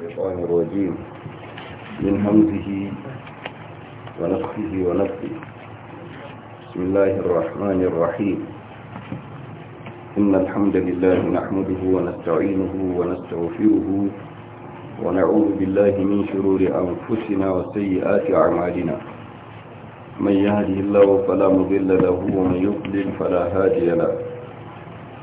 الشيطان الرجيم من همزه ونفخه ونفخه بسم الله الرحمن الرحيم إن الحمد لله نحمده ونستعينه ونستغفره ونعوذ بالله من شرور أنفسنا وسيئات أعمالنا من يهده الله فلا مضل له ومن يضلل فلا هادي له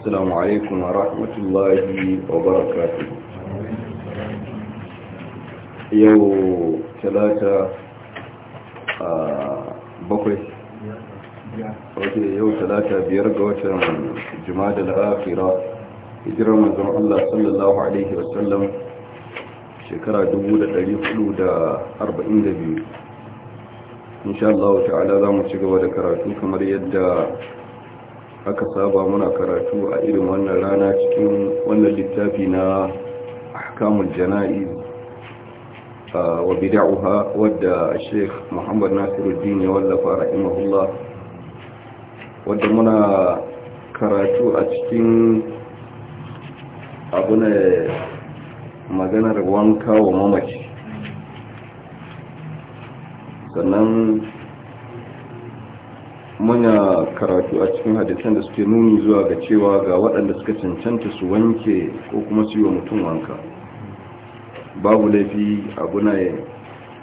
السلام عليكم ورحمة الله وبركاته يو ثلاثة آه، بقية أوكي يو ثلاثة بيرجو من جماد الآخرة هجرة من الله صلى الله عليه وسلم شكرا دمودة ليفلو دا أربع إن شاء الله تعالى لا مشكوى ذكرى كما يدى aka saba muna karatu a irin wannan rana cikin wannan littafi na ahkamul jana'iz wa bid'uha wadda Sheikh Muhammad Nasiruddin ya wallafa rahimahullah wadda muna karatu a cikin abuna maganar wanka wa mamaci sannan muna karatu a cikin hadisan da suke nuni zuwa ga cewa ga waɗanda suka cancanta su wanke ko kuma su yi wa mutum wanka babu laifi abu na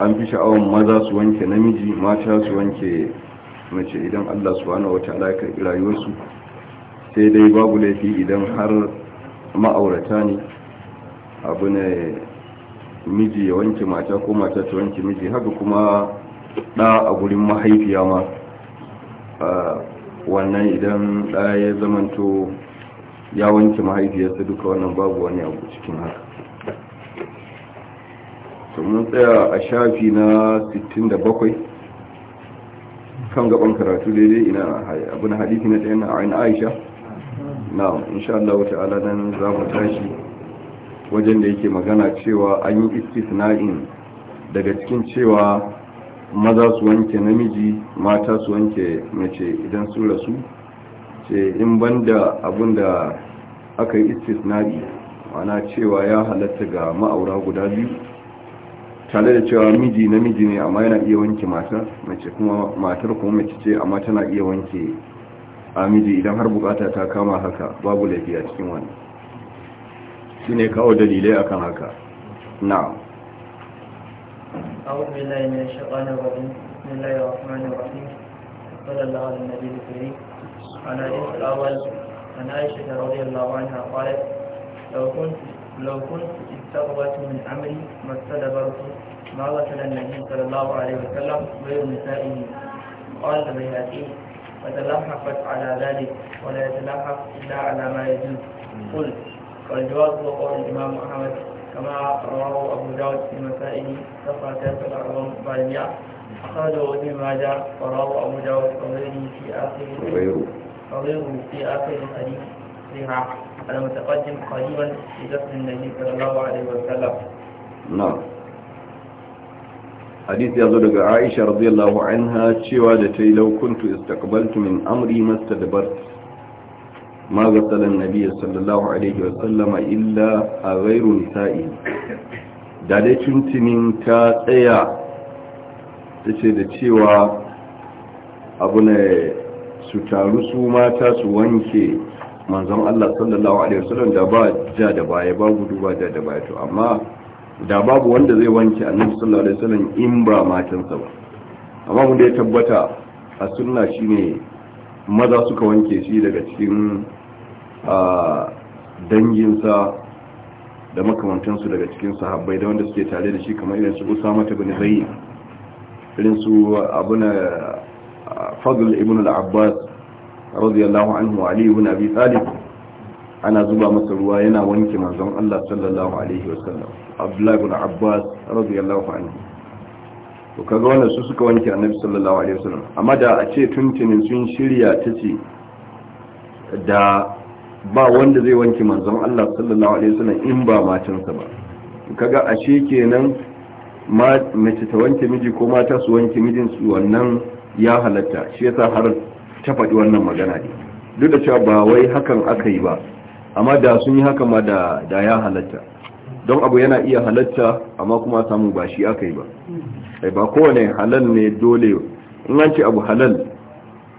an fi sha'awar maza su wanke namiji mata su wanke mace idan allah su wani wata alaƙa rayuwarsu sai dai babu laifi idan har ma'aurata ne abu ne miji ya wanke mata ko mata ta wanke miji haka kuma ɗa a gurin mahaifiya ma wannan idan ɗaya ya zamanto ya wanke mahaifiyarsa duka wannan babu wani abu cikin haka mun tsaya a shafi na 67 kan gaban karatu daidai ina abin hadithi na ɗaya na aisha na insha Allah ta'ala nan za mu tashi wajen da yake magana cewa an yi istisna'in daga cikin cewa maza su wanke namiji mata su wanke mace idan su rasu ce in banda abin da aka yi istisnari mana cewa ya halatta ga ma'aura guda biyu tare da cewa miji namiji ne amma yana iya wanke mata mace kuma matar kuma mace ce amma tana iya wanke a miji idan har bukata ta kama haka babu laifi a cikin wani shine kawo dalilai akan haka na'am أعوذ بالله من الشيطان الرجيم بسم الله الرحمن الرحيم صلى الله على النبي الكريم عن الحديث الأول عن عائشة رضي الله عنها قالت لو كنت لو كنت استغربت من أمري ما استدبرت ما غسل النبي صلى الله عليه وسلم غير نسائه قال بهذه فتلحقت على ذلك ولا يتلحق إلا على ما يجوز قلت والجواب هو قول الإمام أحمد كما رواه أبو داود في مسائل صفحة 43 بعد أخرجه ابن ماجه ورواه أبو داود وغيره في آخر وغيره في آخر الحديث صحيحة المتقدم قريبا في دفن النبي صلى الله عليه وسلم نعم حديث يزول daga Aisha radiyallahu anha cewa da tai lau kuntu istaqbaltu min amri mastadbartu ما غسل النبي صلى الله عليه وسلم إلا غير نسائه da dai tuntunin ta tsaya ta ce da cewa abu ne su taru su mata su wanke manzon Allah sallallahu alaihi wasallam da ba ja da baya ba gudu ba ja da baya to amma da babu wanda zai wanke annabi sallallahu alaihi wasallam in ba matansa ba amma mun da ya tabbata a sunna shine maza suka wanke shi daga cikin a danginsa da makamantansu daga cikin sahabbai da wanda suke tare da shi kamar irin su usama ta bin zai irin su abuna fadl ibn al-abbas radiyallahu anhu ali ibn abi talib ana zuba masa ruwa yana wanke manzon Allah sallallahu alaihi wasallam abdullah ibn abbas radiyallahu anhu to kaga wannan su suka wanke annabi sallallahu alaihi wasallam amma da a ce tuntunin sun shirya tace da ba wanda zai wanke manzon Allah sallallahu alaihi wasallam in ba matansa ba kaga ashe kenan mace ta wanke miji ko mata su wanke mijin su wannan ya halatta shi yasa har ta faɗi wannan magana ne duk da cewa ba wai hakan aka yi ba amma da sun yi haka ma da ya halatta don abu yana iya halatta amma kuma samu ba shi aka yi ba ai ba kowane halal ne dole in an ce abu halal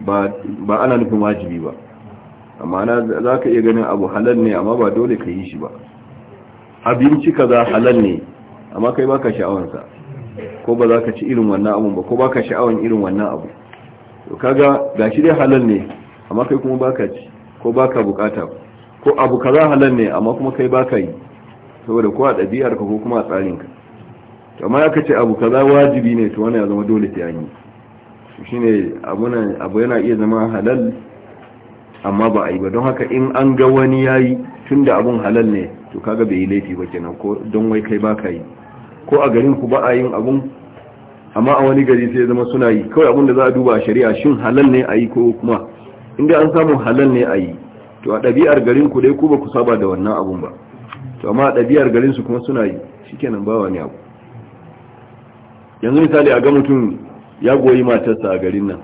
ba ba ana nufin wajibi ba amma na za ka iya ganin abu halal ne amma ba dole ka yi shi ba abinci kaza halal ne amma kai baka sha'awansa ko ba za ka ci irin wannan abu ba ko baka sha'awan irin wannan abu to kaga shi dai halal ne amma kai kuma baka ci ko baka bukata ko abu kaza halal ne amma kuma kai baka yi saboda ko a ɗabi'ar ka ko kuma a tsarin ka to amma aka ce abu kaza wajibi ne to wani ya zama dole sai an yi shine abu yana iya zama halal amma ba a yi ba don haka in an ga wani ya yi tun da abun halal ne to kaga bai yi laifi ba kenan ko don wai kai ba ka yi ko a garin ku ba a yin abun amma a wani gari sai zama suna yi kawai abun da za a duba a shari'a shin halal ne a yi ko kuma inda an samu halal ne a yi to a ɗabi'ar garin ku dai ku ba ku saba da wannan abun ba to amma a ɗabi'ar garin su kuma suna yi shikenan ba wani abu yanzu misali a ga mutum ya goyi matarsa a garin nan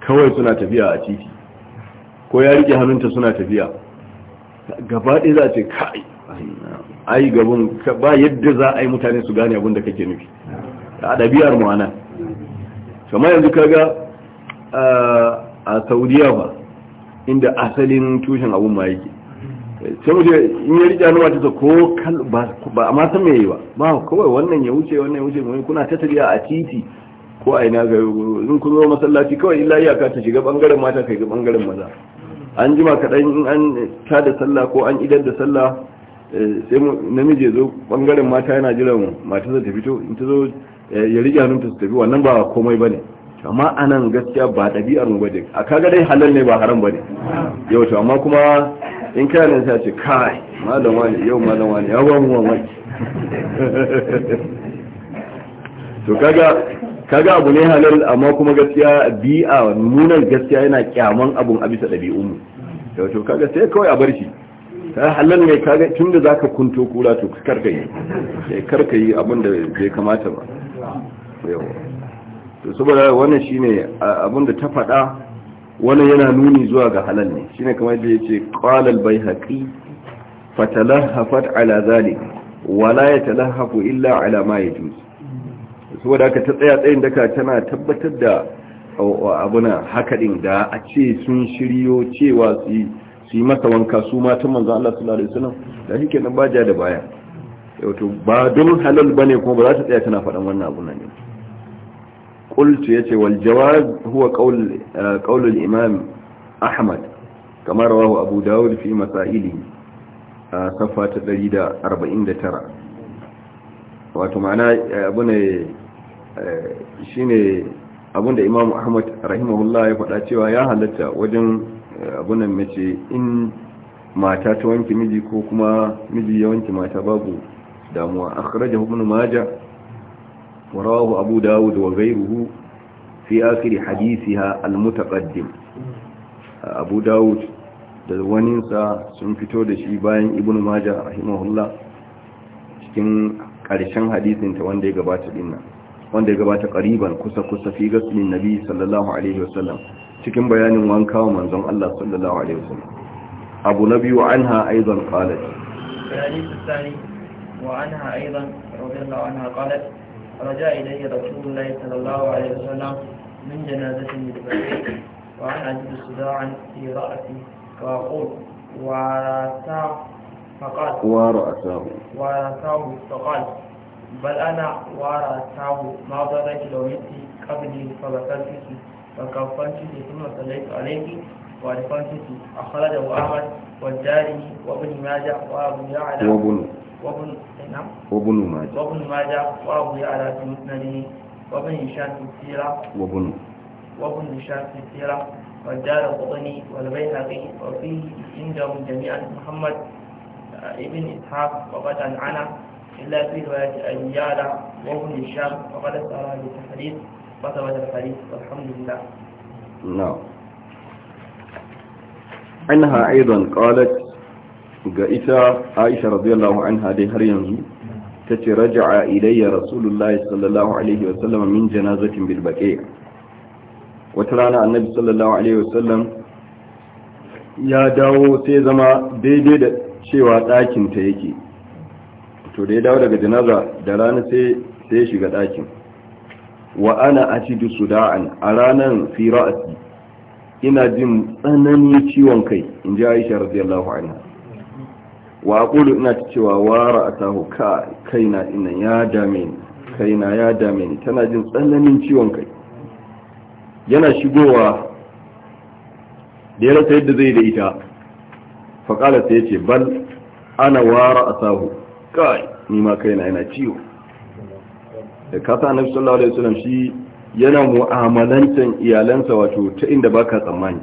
kawai suna tafiya a titi ko ya rike hannunta suna tafiya gaba ɗaya za a ce kai ai gaban ba yadda za a yi mutane su gane abin da kake nufi a ɗabi'ar mu anan kama yanzu kaga a saudiya ba inda asalin tushen abun ma yake sai mu in ya rike hannu wata ko ba a ma mai yi ba ba kawai wannan ya wuce wannan ya wuce mai kuna ta tafiya a titi ko a ina ga in kuma masallaci kawai illa iyaka ta shiga bangaren mata kai ga bangaren maza an jima kaɗan in an ta da sallah ko an idar da sallah eh, sai namiji zo bangaren mata yana jiran za ta fito in ta zo eh, ya rike hannunta su tafi wannan ba komai ba ne amma anan gaskiya ba ɗabi'ar mu bane a kaga dai halal ne ba haram bane yau to amma kuma in kai nan sai ce kai malam wani yau malam wani ya ba mu mamaki to kaga kaga abu ne halal amma kuma gaskiya bi'a nunan gaskiya yana kyaman abun a bisa ɗabi'un mu to kaga sai kawai a bar shi ta halal ne kaga tunda zaka kunto kula to ka yi sai eh, karkayi yi abin da bai kamata ba to saboda wannan shine abin da ta faɗa wannan yana nuni zuwa ga halal ne shine kamar da yace qala al-baihaqi fatalahafat ala zalik wala yatalahafu illa ala ma yajuz saboda aka ta tsaya tsayin daka tana tabbatar da abuna hakadin da a ce sun shiryo cewa su yi masa wanka su matan manzan Allah su lalai wasallam da shi kenan ba ja da baya wato ba don halal ba ne kuma ba za ta tsaya tana faɗin wannan abun nan ne ya ce wal jawaz huwa ƙaunar imam ahmad kamar rawahu abu dawud fi a safa ta 149 wato ma'ana abu ne Eh, shine abinda imamu ahmad rahimahullah ya faɗa cewa ya halatta wajen eh, abunan mace in mata ta wanke miji ko kuma miji ya wanke mata babu damuwa akhrajahu ibn majah wa rawahu abu dawud wa gairuhu fi akiri hadisi ha mutaqaddim abu dawud da waninsa sun fito da shi bayan ibn maja rahimahullah cikin ƙarshen hadisinta wanda ya gabata dinnan wanda ya gabata ƙariban kusa-kusa fi gaslin nabi sallallahu alaihi wasallam cikin bayanin wanka wa manzon Allah sallallahu alaihi wasallam abu na biyu an ha aizan ƙalat وعنها أيضا رضي الله عنها قالت رجع إلي رسول الله صلى الله عليه وسلم من جنازة بالبعيد وأنا أجد صداعا في رأسي فأقول ورأساه فقال ورأساه ورأساه فقال bal ana wara tahu ma bada ki da wani kabili fa ba san ki ki ba ka fan da fan ki ki a kala da wa amal wa jari wa bin ya ala wa bin wa bin ina wa bin ma ja wa bin ya fi inda jami'an muhammad ibn ishaq wa bata ana إلا في رواية أبي وابن هشام وقد سأل عن وثبت الحديث والحمد لله نعم عنها أيضا قالت ga ita Aisha radiyallahu anha har yanzu tace raja'a ilayya rasulullahi sallallahu alaihi wa min janazatin bil baqi'a wata rana annabi sallallahu alaihi wa ya dawo sai zama daidai da cewa ɗakin yake to da ya dawo daga janaza da rana sai sai shiga dakin wa ana ashidu suda'an a ranan fi ra'asi ina jin tsananin ciwon kai in ji aisha radiyallahu anha wa aqulu ina cewa wa ra'atahu ka kaina ina ya dame ni kaina ya dame ni tana jin tsananin ciwon kai yana shigowa da ya yadda zai da ita faƙalar sai ya ce bal ana wa ra'atahu kai ni ma na yana ciwo da kasa annabi sallallahu alaihi wasallam shi yana mu'amalancin iyalansa wato ta inda baka tsammani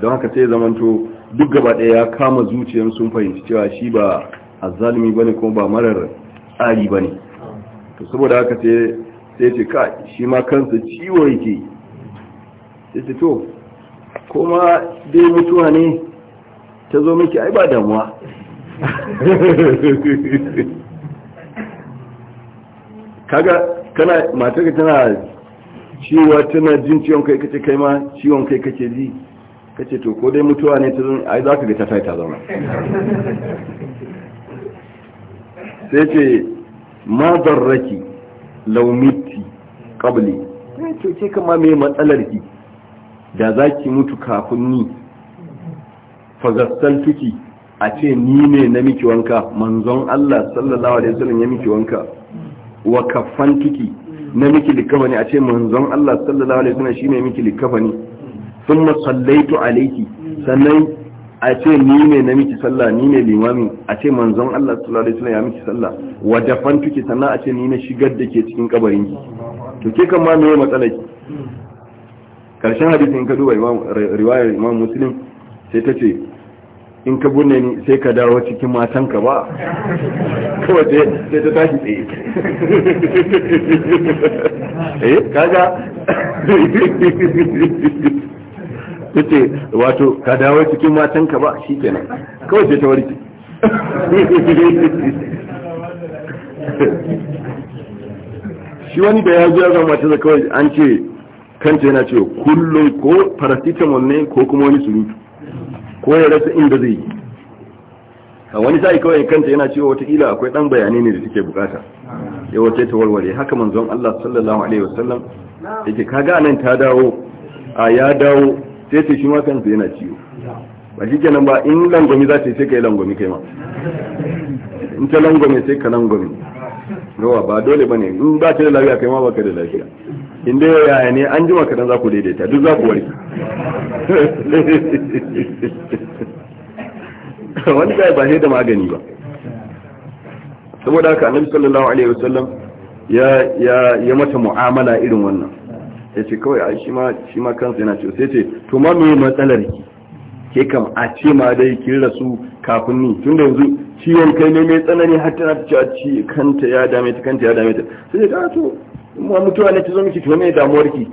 don haka sai to duk gaba ɗaya ya kama zuciyar sun fahimci cewa shi ba azzalimi bane kuma ba marar tsari bane to saboda haka sai sai ce ka shi ma kansa ciwo yake sai ce to kuma dai mutuwa ne ta zo miki ai ba damuwa kaga kana matarka tana ciwa tana jin ciwon kai kace kai ma ciwon kai kace ji kace to ko dai mutuwa ne ta ai za ka ga ta ta zauna sai ce ma darraki law mitti qabli to ce kama me matsalar ki da zaki mutu kafin ni fa gassaltuki a ce ni ne na miki wanka manzon Allah sallallahu alaihi wasallam ya miki wanka wa kafantiki na miki likafani a ce manzon Allah sallallahu alaihi wasallam shine miki likafani thumma sallaitu alayki sannan a ce ni ne na miki sallah ni ne limami a ce manzon Allah sallallahu alaihi wasallam ya miki sallah wa dafantuki sannan a ce ni ne shigar da ke cikin kabarin ki to ke kan ma me matsala ki karshen hadisin ka duba riwayar Imam Muslim sai ta ce in ka bunne ni sai ka dawo cikin matanka ba kawai sai ta tashi tsaye eh kaga yace wato ka dawo cikin matanka ba shikenan kawai sai ta warke shi wani da ya zuwa zama mata kawai an ce kanta yana ce kullum ko paracetamol ne ko kuma wani surutu ko ya rasa inda zai yi a wani sa'i kawai kanta yana cewa Wataƙila akwai dan bayanai ne da take bukata ya wace ta warware haka manzon Allah sallallahu alaihi wasallam yake kaga nan ta dawo a ya dawo sai ta shi ma kansa yana ciwo ba shi kenan ba in langwami za ta yi sai ka yi langwami kai ma in ta langwami sai ka langwami yawa ba dole bane in ba ta da lafiya kai ma baka da lafiya in dai yaya ne an jima kadan za ku daidaita duk za ku warke wani kai ba shi da magani ba saboda haka annabi sallallahu alaihi wasallam ya ya ya mata mu'amala irin wannan ya ce kawai a shi ma shi ma kansa yana ce sai ce to ma me matsalar ke kam a ce ma dai kin rasu kafin ni tunda yanzu ciwon kai ne mai tsanani har tana ta ci kanta ya dame ta kanta ya dame ta sai ya ah, to mu mutuwa ne ta zo miki to me damuwar ki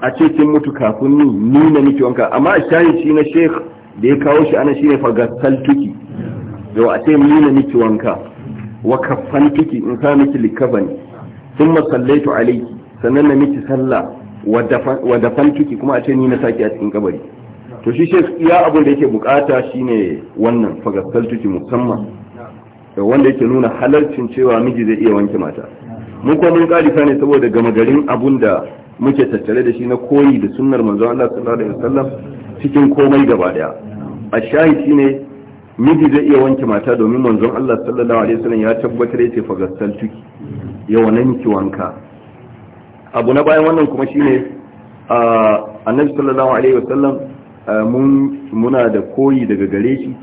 a ce kin mutu kafin ni ni na miki wanka amma a shayi shi na sheikh da ya kawo shi ana shine fagasal tuki yau a ce ni na miki wanka wa kafan tuki in sa miki likafani thumma sallaitu alayki sannan na miki sallah wa dafan tuki kuma a ce ni na saki a cikin kabari to shi shi ya abin da yake bukata shine wannan fagasaltuki musamman wanda yake nuna halarcin cewa miji zai iya wanke mata mun kuma mun karisa ne saboda gama garin abun da muke tattare da shi na koyi da sunnar manzo Allah sallallahu alaihi wasallam cikin komai gaba daya a shahi shine miji zai iya wanke mata domin manzo Allah sallallahu alaihi wasallam ya tabbatar yace fagasaltuki ya na miki wanka abu na bayan wannan kuma shine annabi sallallahu alaihi wasallam muna da koyi daga gare shi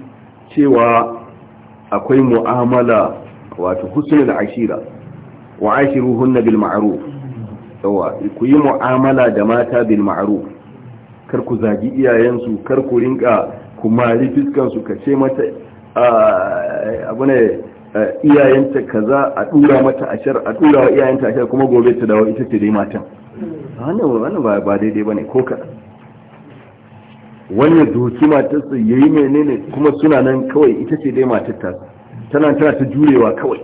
cewa akwai mu'amala wato husnul ashira wa ashiruhunna bil ma'ruf yawa ku yi mu'amala da mata bil ma'ruf kar ku zagi iyayensu kar ku rinka ku mari fiskan su kace mata abu ne iyayenta kaza a dura mata ashar a dura wa iyayenta ashar kuma gobe ta dawo ita ce dai matan wannan wannan ba daidai bane ko kaɗan wani doki matarsa ya yi menene kuma suna nan kawai ita ce dai matar tana tana ta jurewa kawai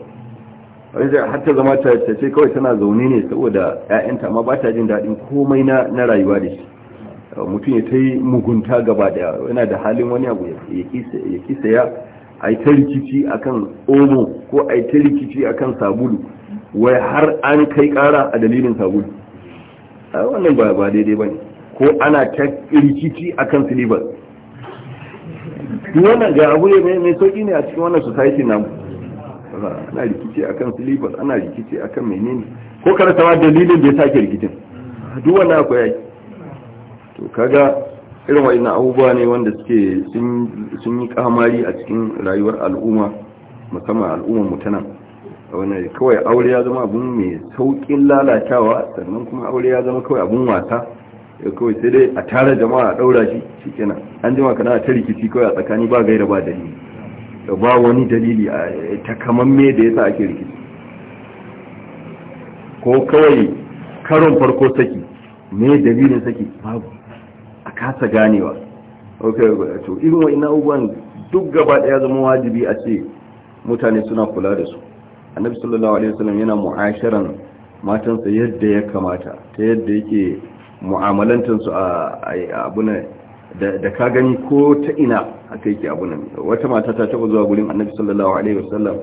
wani har ta zama ta ce kawai tana zaune ne saboda 'ya'yanta amma ba ta jin daɗin komai na rayuwa da shi uh, mutum ya ta yi mugunta gaba daya yana da halin wani abu ya kisa ya a yi ta rikici a kan omo ko a yi ta rikici a kan sabulu wai har an kai kara a dalilin sabulu uh, wannan ba daidai ba ne ko ana ta rikici akan silibas wannan ga abu ne mai sauki ne a cikin wannan society namu ana rikici akan silibar ana rikici akan menene ko kada sama dalilin da ya sake rikicin duk wannan akwai yaki to kaga irin wa'ina abubuwa ne wanda suke sun yi kamari a cikin rayuwar al'umma musamman al'ummar mutana wani kawai aure ya zama abun mai saukin lalatawa sannan kuma aure ya zama kawai abun wasa ya kawai sai dai a tara jama'a a ɗaura shi shikenan an jima kana ta rikici kawai a tsakani ba gaira ba dalili da ba wani dalili a eh, takamamme da yasa ake rikici ko kawai karon farko saki me dalilin saki babu a kasa ganewa okay to irin wa'in abubuwan duk gaba daya zama wajibi a ce mutane suna kula da su annabi sallallahu alaihi wasallam yana mu'asharan matansa yadda ya kamata ta yadda yake mu'amalantansu a abunan da ka gani ko ta ina haka yake abunan wata mata ta taba zuwa gurin annabi sallallahu alaihi wasallam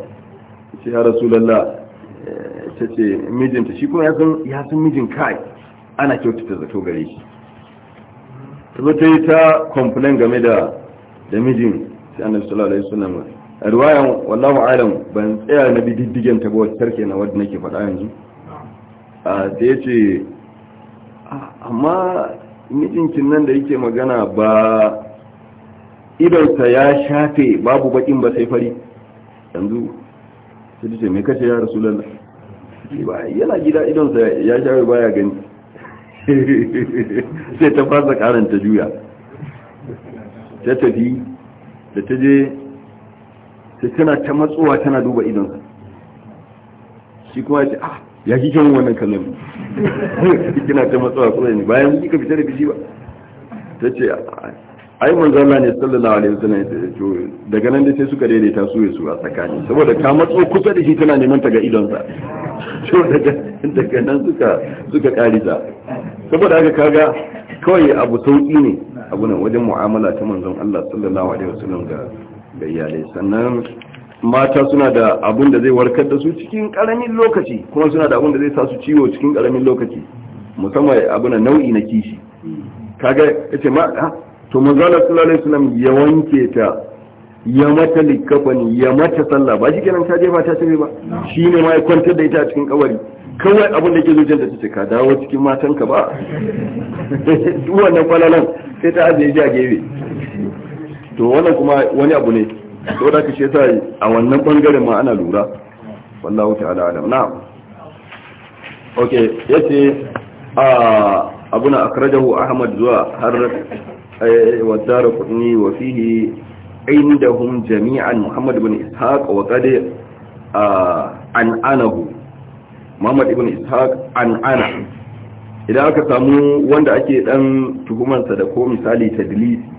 shi ya rasu, lalla. Eh, ta ce mijinta shi kuma ya san mijin kai ana kyautata zato gare shi ta zo ta yi ta complain game da da mijin sai annabi sallallahu alaihi wasallam riwayan wallahu alam ban tsaya na bi diddigen ta ba wacce tarke na wadda nake faɗa yanzu ah, a da ce. amma mijinkin nan da yake magana ba idonsa ya shafe babu bakin ba sai fari yanzu sai ce mai kashe ya rasu lalla yana gida idonsa ya shafe baya gani sai ta fasa karanta juya ta tafi da ta je sai tana ta matsowa tana duba idonsa shi kuma ya ce ah ya kike mun wannan kallon kina ta matsawa kuma ne bayan kika fita da fishi ba ta ce ai manzo Allah ne sallallahu alaihi wasallam to daga nan dai sai suka daidaita su su a tsakani saboda ta matso kusa da shi tana neman ta ga idon sa to daga daga nan suka suka karisa saboda haka kaga kawai abu sauki ne abu nan wajen mu'amala ta manzon Allah sallallahu alaihi wasallam ga ga iyalai sannan mata suna da abun da zai warkar da su cikin karamin lokaci kuma suna da abun da zai sa su ciwo cikin karamin lokaci musamman da nau'i na kishi kaga ce ma ah, to manzo Allah sallallahu alaihi wasallam ya wanke ta ya mata likafani ya mata sallah ba shi kenan ta jefa ta tabe ba shine ma ya kwantar da ita a cikin kabari kawai abin da ke zuciyar ta ce ka dawo cikin matan ka ba duk wannan falalan sai ta ajiye shi a gefe to wannan kuma wani abu ne to da kace yi a wannan bangaren ma ana lura wallahu ta'ala alam na'am okay yace a abuna akrajahu ahmad zuwa har eh, wadara qutni wa fihi indahum jami'an muhammad ibn ishaq wa qadi an anahu muhammad ibn ishaq an ana idan aka samu wanda ake dan tuhumansa da ko misali tadlisi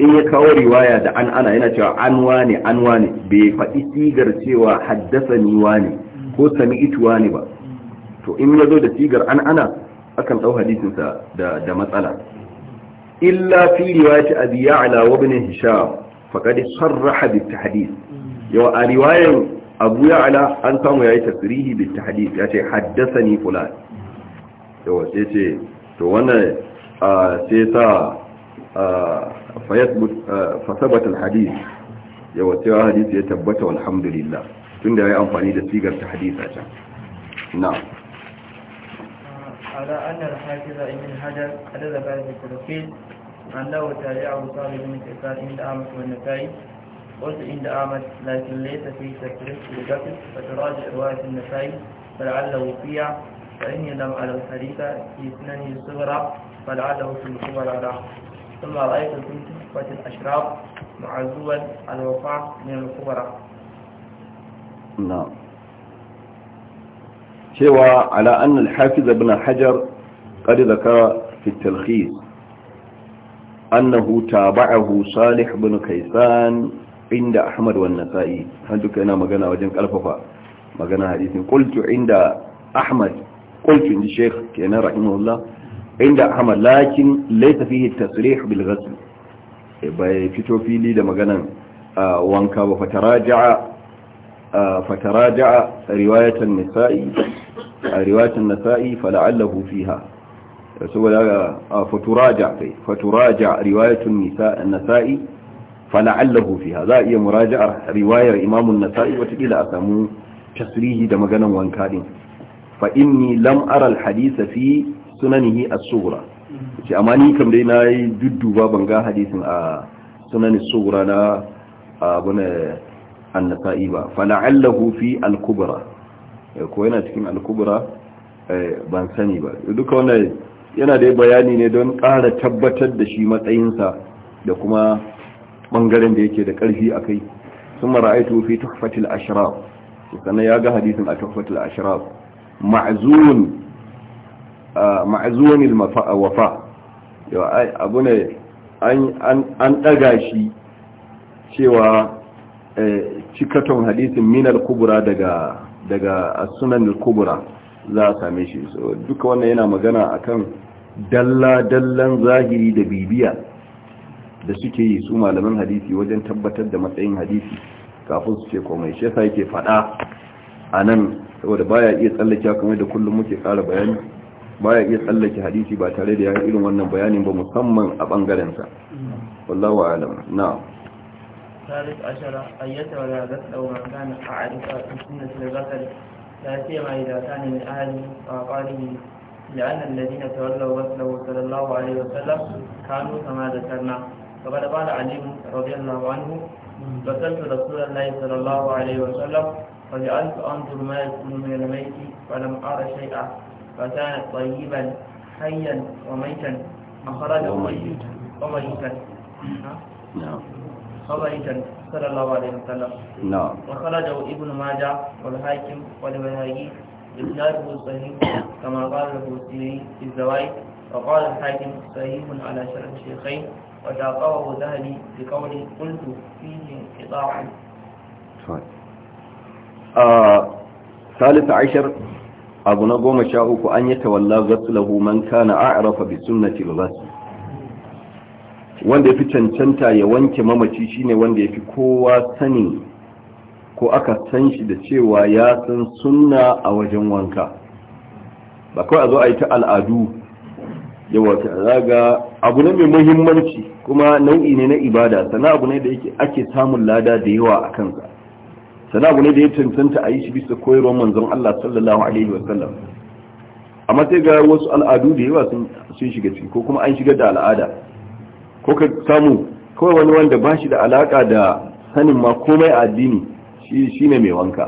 in ya kawo riwaya da an ana yana cewa an wane an wane bai faɗi sigar cewa haddasa ni wane ko sami itu wane ba to in ya zo da sigar an ana akan ɗau hadisinsa da matsala illa fi riwayati abi ya'la wa ibn hisham faqad sarraha bit tahdith yau a riwayan abu ya'la an samu yayi tasrihi bit tahdith yace haddathani fulan yau sai ce to wannan sai sa فyathbut fasabat alhadith yawacewa hadisi ya tabbata walhamdulillah tunda yayi amfani da sigar ta hadisa ta نعم على أن الحافظ ابن حجر عدد بعد التلقين أنه تابعه صالح بن كيسان عند أحمد والنسائي قلت عند أحمد لكن ليس في تكريس فتراجع رواية النسائي فلعله فيها فإني لم أرى الحديث في سننه الصغرى فلعله في الكبرى له ثم رأيت في تحفة الأشراف معزوا الوفاء من الكبرى نعم شوى على أن الحافظ ابن حجر قد ذكر في التلخيص أنه تابعه صالح بن كيسان عند أحمد والنسائي هل كان مغانا وجنك ألففا مغانا حديث قلت عند أحمد قلت عند الشيخ كان رحمه الله inda ahmad lakin laysa fihi tasrih bil ghasl bai fito fili da maganan wanka ba fataraja'a فتراجع رواية النساء رواية النساء فلعله فيها فتراجع فتراجع رواية النساء النساء فلعله فيها ذا هي مراجعة رواية إمام النساء وتقيل أسامو تسريه دمغنا وانكار فإني لم أرى الحديث في sunanihi a tsohura ce amma ni kam dai na yi dudduba ban ga hadisin a sunan as na abuna an-nasa'i ba fala'allahu fi al eh, ko yana cikin al eh, ban sani ba duka wanda yana da bayani ne don ƙara tabbatar da shi matsayinsa da kuma bangaren da yake da ƙarfi a kai sun mara'aitu fi tuhfatil ashirar. sannan ya ga hadisin a tuhfatil ashraf ma'azun ma'azuwanil wafa abu ne an ɗaga shi cewa cikaton hadisin minal kubura daga sunan kubura za a same shi duka wannan yana magana akan dalla-dallan zahiri da bibiya da suke yi su malaman hadisi wajen tabbatar da matsayin hadisi kafin su ce komai shi yasa yake fada a nan saboda baya iya tsallake kamar da kullum muke kara bayani baya iya tsallake hadisi ba tare da ya irin wannan bayanin ba musamman a ɓangarensa. sa wa alam na. Tarik ashara ayyata wa ragas ɗaura gane a arika a cikin da zakari ta fiye mai da ta nemi ahali a ƙwari ne da annan da dina ta wallawa wasu da wasu da lawa a yau tallar da tarna gaba da bada alimu rabiyar lawanu ba san su da sunan layi ta lawa a yau tallar ba ji an su an mai ki ba da ma'ara shai'a فكان طيبا حيا وميتا أخرجه وميتا وميتا نعم وميتا صلى الله عليه وسلم نعم وخرجه ابن ماجه والحاكم والبهائي إسناده صحيح كما قال البوصيري في الزوائد وقال الحاكم صحيح على شرع الشيخين وتعقبه ذهبي بقوله قلت فيه انقطاع طيب. آه، ثالث عشر abu na goma sha uku an yi tawalla zatsulahu man kana a'rafa bi sunnati rasul wanda yafi cancanta ya wanke mamaci shine wanda yafi kowa sani ko aka san shi da cewa ya san sunna a wajen wanka ba kawai a zo a yi ta al'adu yawa ta zaga abu ne mai muhimmanci kuma nau'i ne na ibada sana abu ne da ake samun lada da yawa a kansa sana abu ne da ya cancanta a yi shi bisa koyarwar manzon Allah sallallahu alaihi wasallam amma sai ga wasu al'adu da yawa sun shiga ciki ko kuma an shiga da al'ada ko ka samu kawai wani wanda ba shi da alaka da sanin ma komai a addini shi ne mai wanka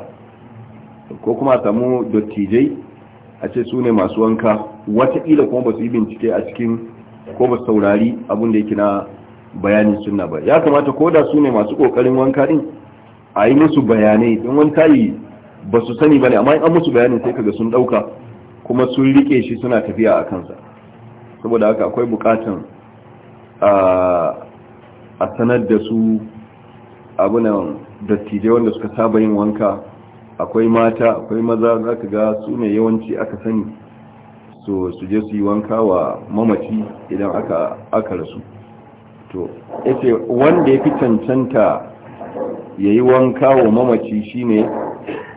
ko kuma a samu dottijai a ce su ne masu wanka wataƙila kuma ba su yi bincike a cikin ko ba saurari abin da yake na bayanin sunna ba ya kamata ko da su ne masu ƙoƙarin wanka din a yi musu bayanai in wani tayi ba su sani ba ne amma in an musu bayanin sai kaga sun ɗauka kuma sun rike shi suna tafiya a kansa saboda haka akwai bukatan a sanar da su abunan dattijai wanda suka saba yin wanka akwai mata akwai maza za ka ga su ne yawanci aka sani so su je su yi wanka wa mamaci idan aka rasu to yace wanda ya fi cancanta ya yi wanka wa mamaci shine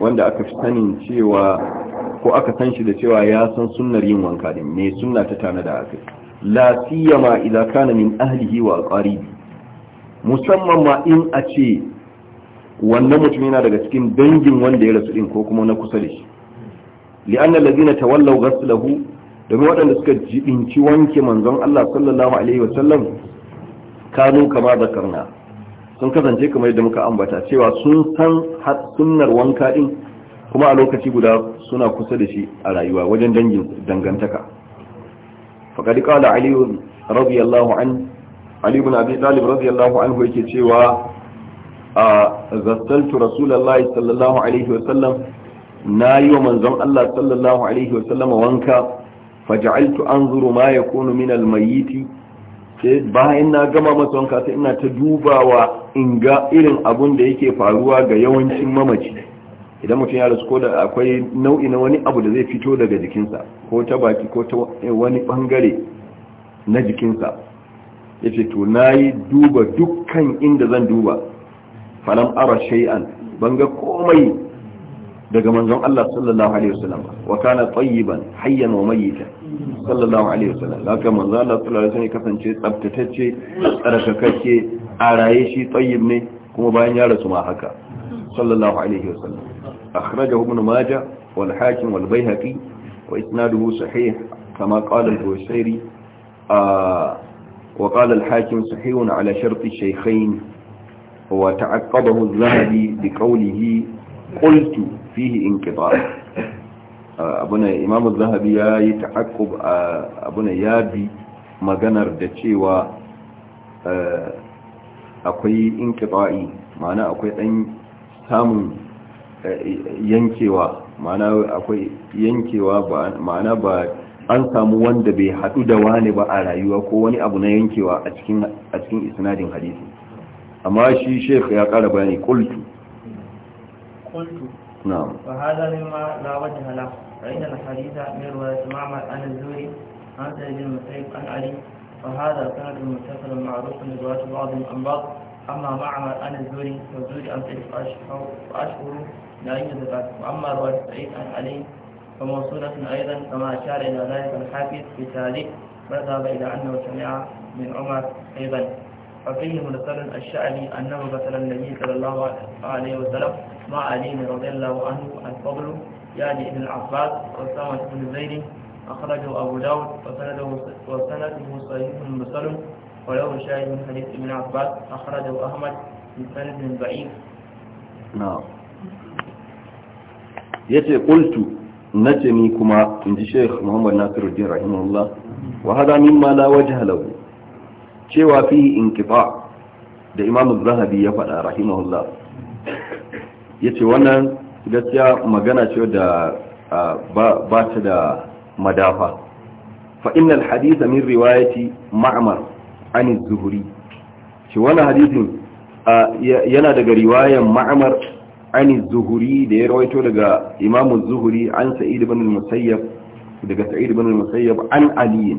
wanda aka fi sanin cewa ko aka san shi da cewa ya san sunnar yin wanka din me sunna ta tana da aka la siyama idza kana min ahlihi wa aqaribi musamman ma in a ce wannan mutum yana daga cikin dangin wanda ya rasu din ko kuma na kusa da shi li'anna allazina tawallaw ghaslahu domin waɗanda suka jibinci wanke manzon Allah sallallahu alaihi wa sallam kanu kama zakarna sun kasance kamar yadda muka ambata cewa sun san sunnar wanka din kuma a lokaci guda suna kusa da shi a rayuwa wajen dangin dangantaka faqad qala ali radiyallahu an ali ibn abi talib radiyallahu anhu yake cewa a zattaltu rasulullahi sallallahu alaihi wa sallam nayi wa manzon Allah sallallahu alaihi wa sallam wanka faj'altu anzuru ma yakunu min al-mayyit sai bayan na gama masa wanka sai ina ta dubawa in ga irin abun da yake faruwa ga yawancin mamaci idan mutum ya rasu ko da akwai nau'i na wani abu da zai fito daga jikinsa ko ta baki ko ta wani bangare na jikinsa ya ce to na yi duba dukkan inda zan duba falam ara shay'an banga komai daga manzon Allah sallallahu alaihi wasallam wa kana tayyiban hayyan wa mayyitan sallallahu alaihi wasallam haka manzo Allah sallallahu alaihi wasallam kasance tsaftatacce tsarkakakke a raye shi tayyib ne kuma bayan ya rasu ma haka sallallahu alaihi wasallam akhrajahu ibn majah wal hakim wal baihaqi wa isnaduhu sahih kama qala al-busairi وقال الحاكم صحيح على شرط الشيخين وتعقبه الذهبي بقوله قلت فيه انقطاع imam imamu zahabi ya yi ta'aqqub abuna ya bi maganar da cewa eh, akwai inqita'i ma'ana akwai dan samun eh, yankewa ma'ana akwai yankewa ma'ana ba an samu wanda bai hadu da wani ba a rayuwa ko wani abu na yankewa a cikin a cikin isnadin hadisi amma shi sheikh ya kara bayani qultu qultu na'am fa hadha mimma la wajha lahu فإن الحديث من رواية معمر عن الزهري عن سعيد بن المسيب عن علي وهذا سند متصل معروف رواية بعض الأنباط أما معمر عن الزهري فزوري عن سعيد وأشهر لا يوجد بعد وأما رواية سعيد عن علي فموصولة أيضا كما أشار إلى ذلك الحافظ في تاريخ فذهب إلى أنه سمع من عمر أيضا ففيه مرسل الشعبي أنه قتل النبي صلى الله عليه وسلم مع علي رضي الله عنه الفضل يعني ابن العباس وأسامة بن زيد أخرجه أبو داود وسنده صحيح مسلم وله شاهد من حديث ابن عباس أخرجه أحمد بسند ضعيف نعم yace qultu nace ni kuma inji Sheikh Muhammad Nasiruddin rahimahullah wa hada mimma la wajha lahu cewa fihi inqifa da Imam Az-Zahabi ya faɗa rahimahullah yace wannan gaskiya magana ce da ba ta da madafa fa innal haditha min riwayati ma'mar an zuhuri shi wannan hadisin yana daga riwayan ma'mar an zuhuri da ya rawaito daga imam zuhuri an sa'id ibn al-musayyab daga sa'id ibn al-musayyab an ali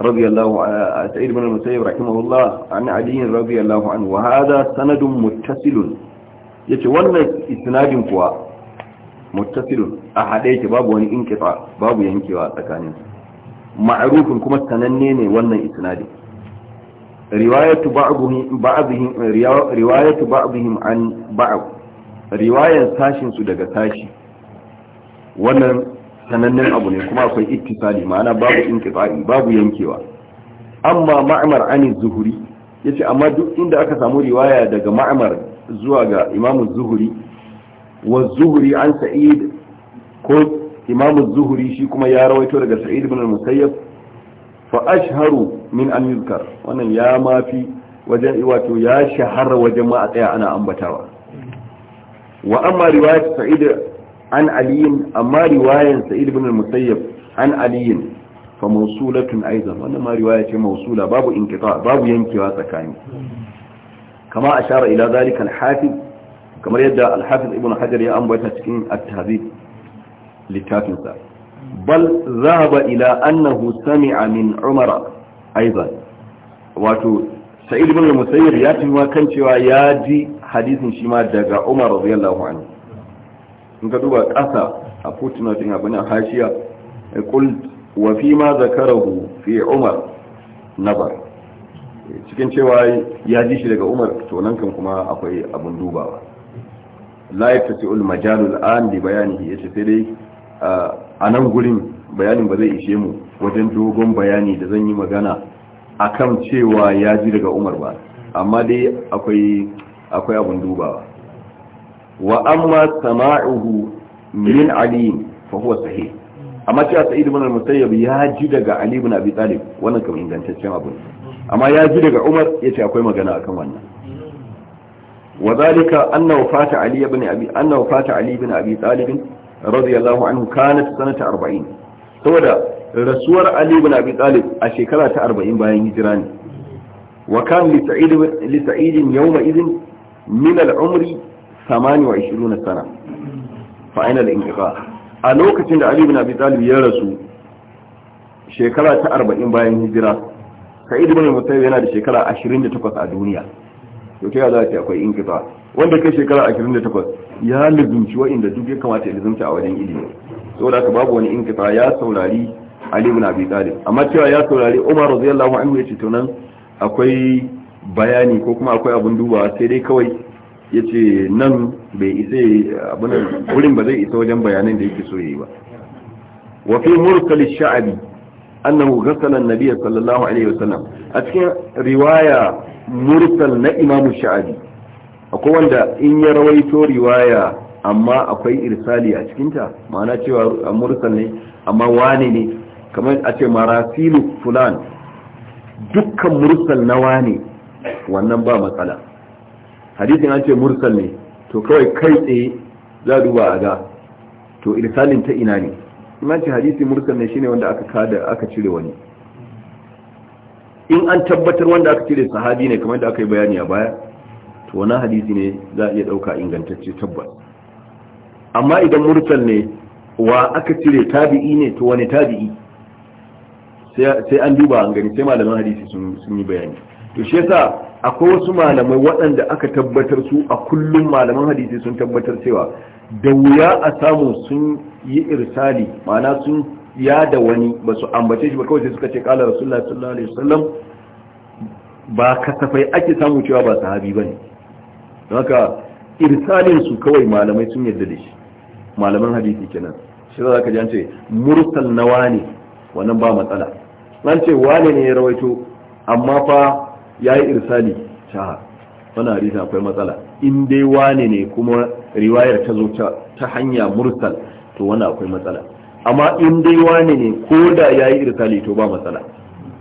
radiyallahu sa'id ibn al-musayyab rahimahullah an ali radiyallahu anhu wa hadha sanadun muttasilun yace wannan istinadin kuwa muttasilun a hade yake babu wani inkita babu yankewa tsakanin ma'rufun kuma sananne ne wannan isnadin riwayatu ba'dihim ba'dihim riwayatu ba'dihim an ba'd riwayan sashin su daga sashi wannan sanannen abu ne kuma akwai ittisali ma'ana babu inqita'i babu yankewa amma ma'amar ani zuhuri yace amma duk inda aka samu riwaya daga ma'amar zuwa ga imamu zuhuri wa zuhuri an sa'id ko imamu zuhuri shi kuma ya rawaito daga sa'id ibn al-musayyab fa ashharu min an yuzkar wannan ya mafi wajen wato ya shahara wajen ma a tsaya ana ambatawa wa amma riwayat sa'id an aliyin amma riwayan sa'id ibn al-musayyab an aliyin fa mawsulatun aidan wannan ma riwaya ce mawsula babu inqita babu yankewa tsakani kama ashara ila zalika kamar yadda al-hafiz ibn hajar ya ambata cikin at-tahzib littafin sa bal zahaba ila annahu sami'a min umara aidan wato sa'id ibn al ya tuwa kan cewa ya ji hadisin shima daga umar radiyallahu anhu in ka duba ƙasa a footnote din abin hashiya qult wa fi ma zakarahu fi umar nazar cikin cewa ya ji shi daga umar to kan kuma akwai abun dubawa la yaftati ul majalul an li bayanihi yace sai dai a nan gurin bayanin ba zai ishe mu wajen dogon bayani da zan yi magana kan cewa ya ji daga umar ba amma dai akwai akwai abun dubawa wa amma sama'uhu min ali fa huwa sahih amma cewa sa'id ibn al-musayyib ya ji daga ali ibn abi talib wannan kam ingantaccen abu ne amma ya ji daga umar ya ce akwai magana akan wannan wazalika أن وفاة علي بن abi أن radiyallahu anhu بن أبي طالب رضي saboda rasuwar Ali bin Abi Talib a shekara ta arba'in bayan hijira ne wa kan li sa'id li sa'id yawma idin min al 28 sana fa inqiqa a lokacin da Ali bin Abi Talib ya rasu shekara ta arba'in bayan hijira sa'id ibn musayyib yana da shekara 28 a duniya to ta za ce akwai inkita wanda kai shekara 28 ya lizumci wa'inda duk ya kamata ya lizumta a wajen ilimi saboda ka babu wani inkita ya saurari ali ibn abi talib amma cewa ya saurari umar radiyallahu anhu yace to nan akwai bayani ko kuma akwai abun duba sai dai kawai yace nan bai isa abun wurin ba zai isa wajen bayanan da yake so yayi ba wa fi mursal sha'abi annahu ghassala an-nabiy sallallahu alaihi wasallam a cikin riwaya mursal na imam sha'abi akwai wanda in ya rawaito riwaya amma akwai irsali a cikinta ma'ana cewa mursal ne amma wane ne kamar a ce marasilu fulan dukkan mursal na wane wannan ba matsala hadisin an ce mursal ne to kawai kai tsaye za duba a ga to irsalin ta ina ne nan hadisi mursal ne shine wanda aka kada aka cire wani in an tabbatar wanda aka cire sahabi ne kamar da aka yi bayani a baya to wannan hadisi ne za a iya dauka ingantacce tabbas amma idan mursal ne wa aka cire tabi'i ne to wani tabi'i sai an duba an gani sai malaman hadisi sun yi bayani to shi yasa akwai wasu malamai waɗanda aka tabbatar su a kullum malaman hadisi sun tabbatar cewa da wuya a samu sun yi irsali ma'ana sun ya da wani ba su ambace shi ba kawai sai suka ce kala rasulullah sallallahu alaihi wasallam ba kasafai ake samu cewa ba sahabi bane don haka irsalin su kawai malamai sun yarda da shi malaman hadisi kenan shi za ka ji an ce mursal nawa ne wannan ba matsala an ce wane ne ya rawaito amma fa yayi irsali shahar wani hadisi akwai matsala in dai wane ne kuma riwayar ta zo ta hanya mursal to wani akwai matsala amma in dai wane ne ko da ya yayi irsali to ba matsala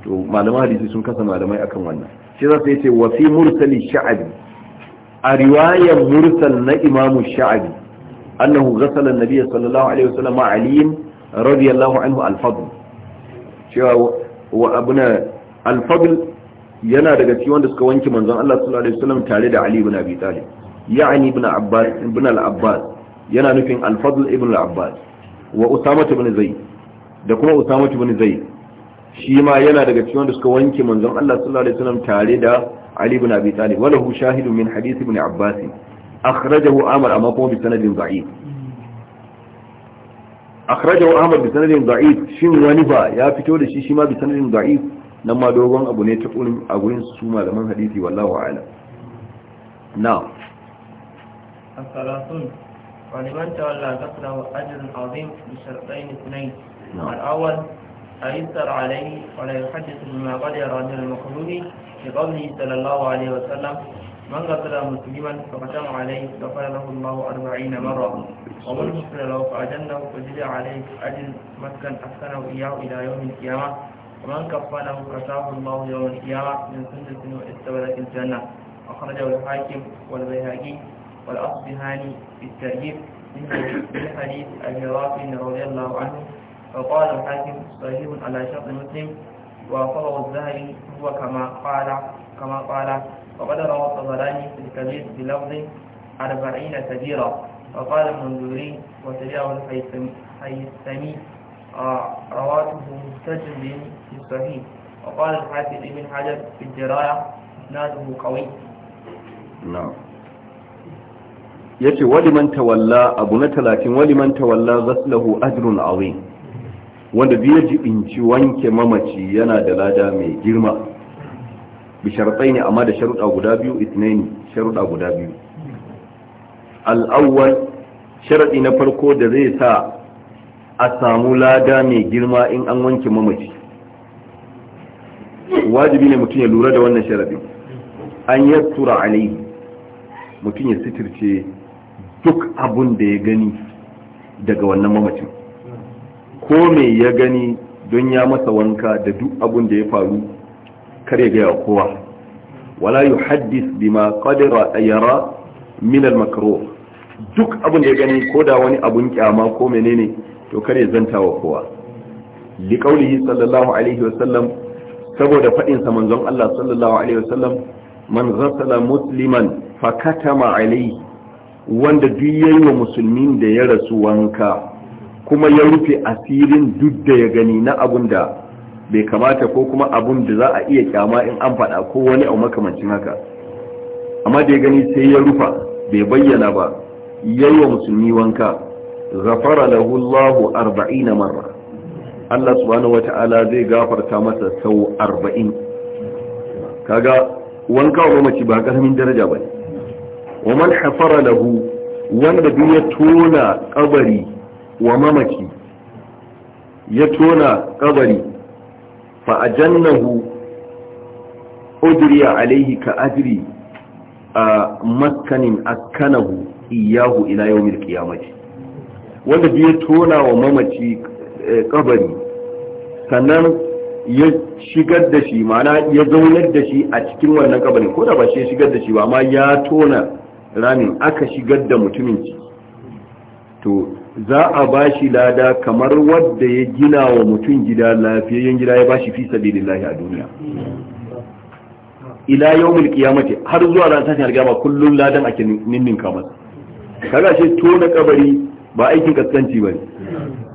to malaman hadisi sun kasa malamai akan wannan shi za su yace wa fi mursali sha'abi a riwayar mursal na imamu sha'abi annahu ghasala an sallallahu alaihi wasallam aliyin radiyallahu anhu al-fadl cewa wa abuna al-fadl yana daga cikin wanda suka wanke manzon Allah sallallahu alaihi wasallam tare da Ali ibn Abi Talib ya'ani ibn Abbas ibn al-Abbas yana nufin al-Fadl ibn al-Abbas wa Usama ibn Zayd da kuma Usama ibn Zayd shi ma yana daga cikin wanda suka wanke manzon Allah sallallahu alaihi wasallam tare da Ali ibn Abi Talib wala hu shahidun min hadith ibn Abbas akhrajahu Amr amma kuma bi sanadin da'if akhrajahu Amr bi sanadin da'if shin wani ba ya fito da shi shi ma bi sanadin da'if nan ma dogon abu ne ta kurin a gurin su malaman hadisi wallahu a'lam na'am الثلاثون تولى ذكره أجر عظيم بشرطين اثنين نعم الأول أيسر عليه ولا يحدث بما غدر رجل المخلوق لقوله صلى الله عليه وسلم من قتل مسلما فقتم عليه غفر له الله أربعين مرة ومن قتل له فأجنه فجزع عليه أجل مسكن أحسنه إياه إلى يوم القيامة ومن كفى له كشاف الله يوم القيامة من سنة في الجنة أخرجه الحاكم والبيهقي والأصبهاني في التأييد من حديث الهرافي رضي الله عنه فقال الحاكم صحيح على شرط مسلم وفضل الذهبي هو كما قال كما قال وقد روى الطبراني في الكبير بلفظ أربعين كبيرة وقال المنذوري حيث السمي رواته مستجل في الصحيح وقال الحافظ ابن حجر في الجراية إسناده قوي نعم yace man tawalla abu na talatin man tawalla zaslahu ajrun azim wanda biye ji inci wanke mamaci yana da lada mai girma bi ne amma da sharuɗa guda biyu itnaini sharuɗa guda biyu al-awwal sharadi na farko da zai sa a samu lada mai girma in an wanke mamaci wajibi ne mutum ya lura da wannan sharaɗi an tura alaihi mutum ya sitirce duk abun da ya gani daga wannan mamacin ko me ya gani don ya masa wanka da duk abun da ya faru kare gaya kowa wala yuhaddis bima qadara yara min al duk abun da ya gani ko da wani abun kyama ko menene to kare zanta wa kowa li qaulihi sallallahu alaihi wa sallam saboda fadin sa manzon Allah sallallahu alaihi wa sallam man ghasala musliman fakatama alaihi wanda duk yayi wa musulmin da ya rasu wanka kuma ya rufe asirin duk da ya gani na abun da bai kamata ko kuma abun da za a iya kyama in an faɗa ko wani abu makamancin haka amma da ya gani sai ya rufa bai bayyana ba yayi wa musulmi wanka ghafara lahu Allahu 40 marra Allah subhanahu zai gafarta masa sau arba'in. kaga wanka wa mace ba karamin daraja ne. wa man hafara lahu wanda duk ya tona kabari wa mamaki ya tona kabari fa jannahu ujriya alayhi ka ajri a makkanin akkanahu iyahu ila yawmil qiyamati wanda ya tona wa mamaci eh, kabari sannan ya shigar da shi ma'ana ya zaunar da shi a cikin wannan kabarin ko da ba shi ya shigar da shi ba amma ya tona ramin aka shigar da mutumin ci. to za a ba shi lada kamar wadda ya gina wa mutum gida lafiyayyen gida ya ba shi fi sabilillahi a duniya ila yawmul qiyamati har zuwa ran har gama kullum ladan ake ninninka masa kaga shi tona kabari ba aikin kaskanci ba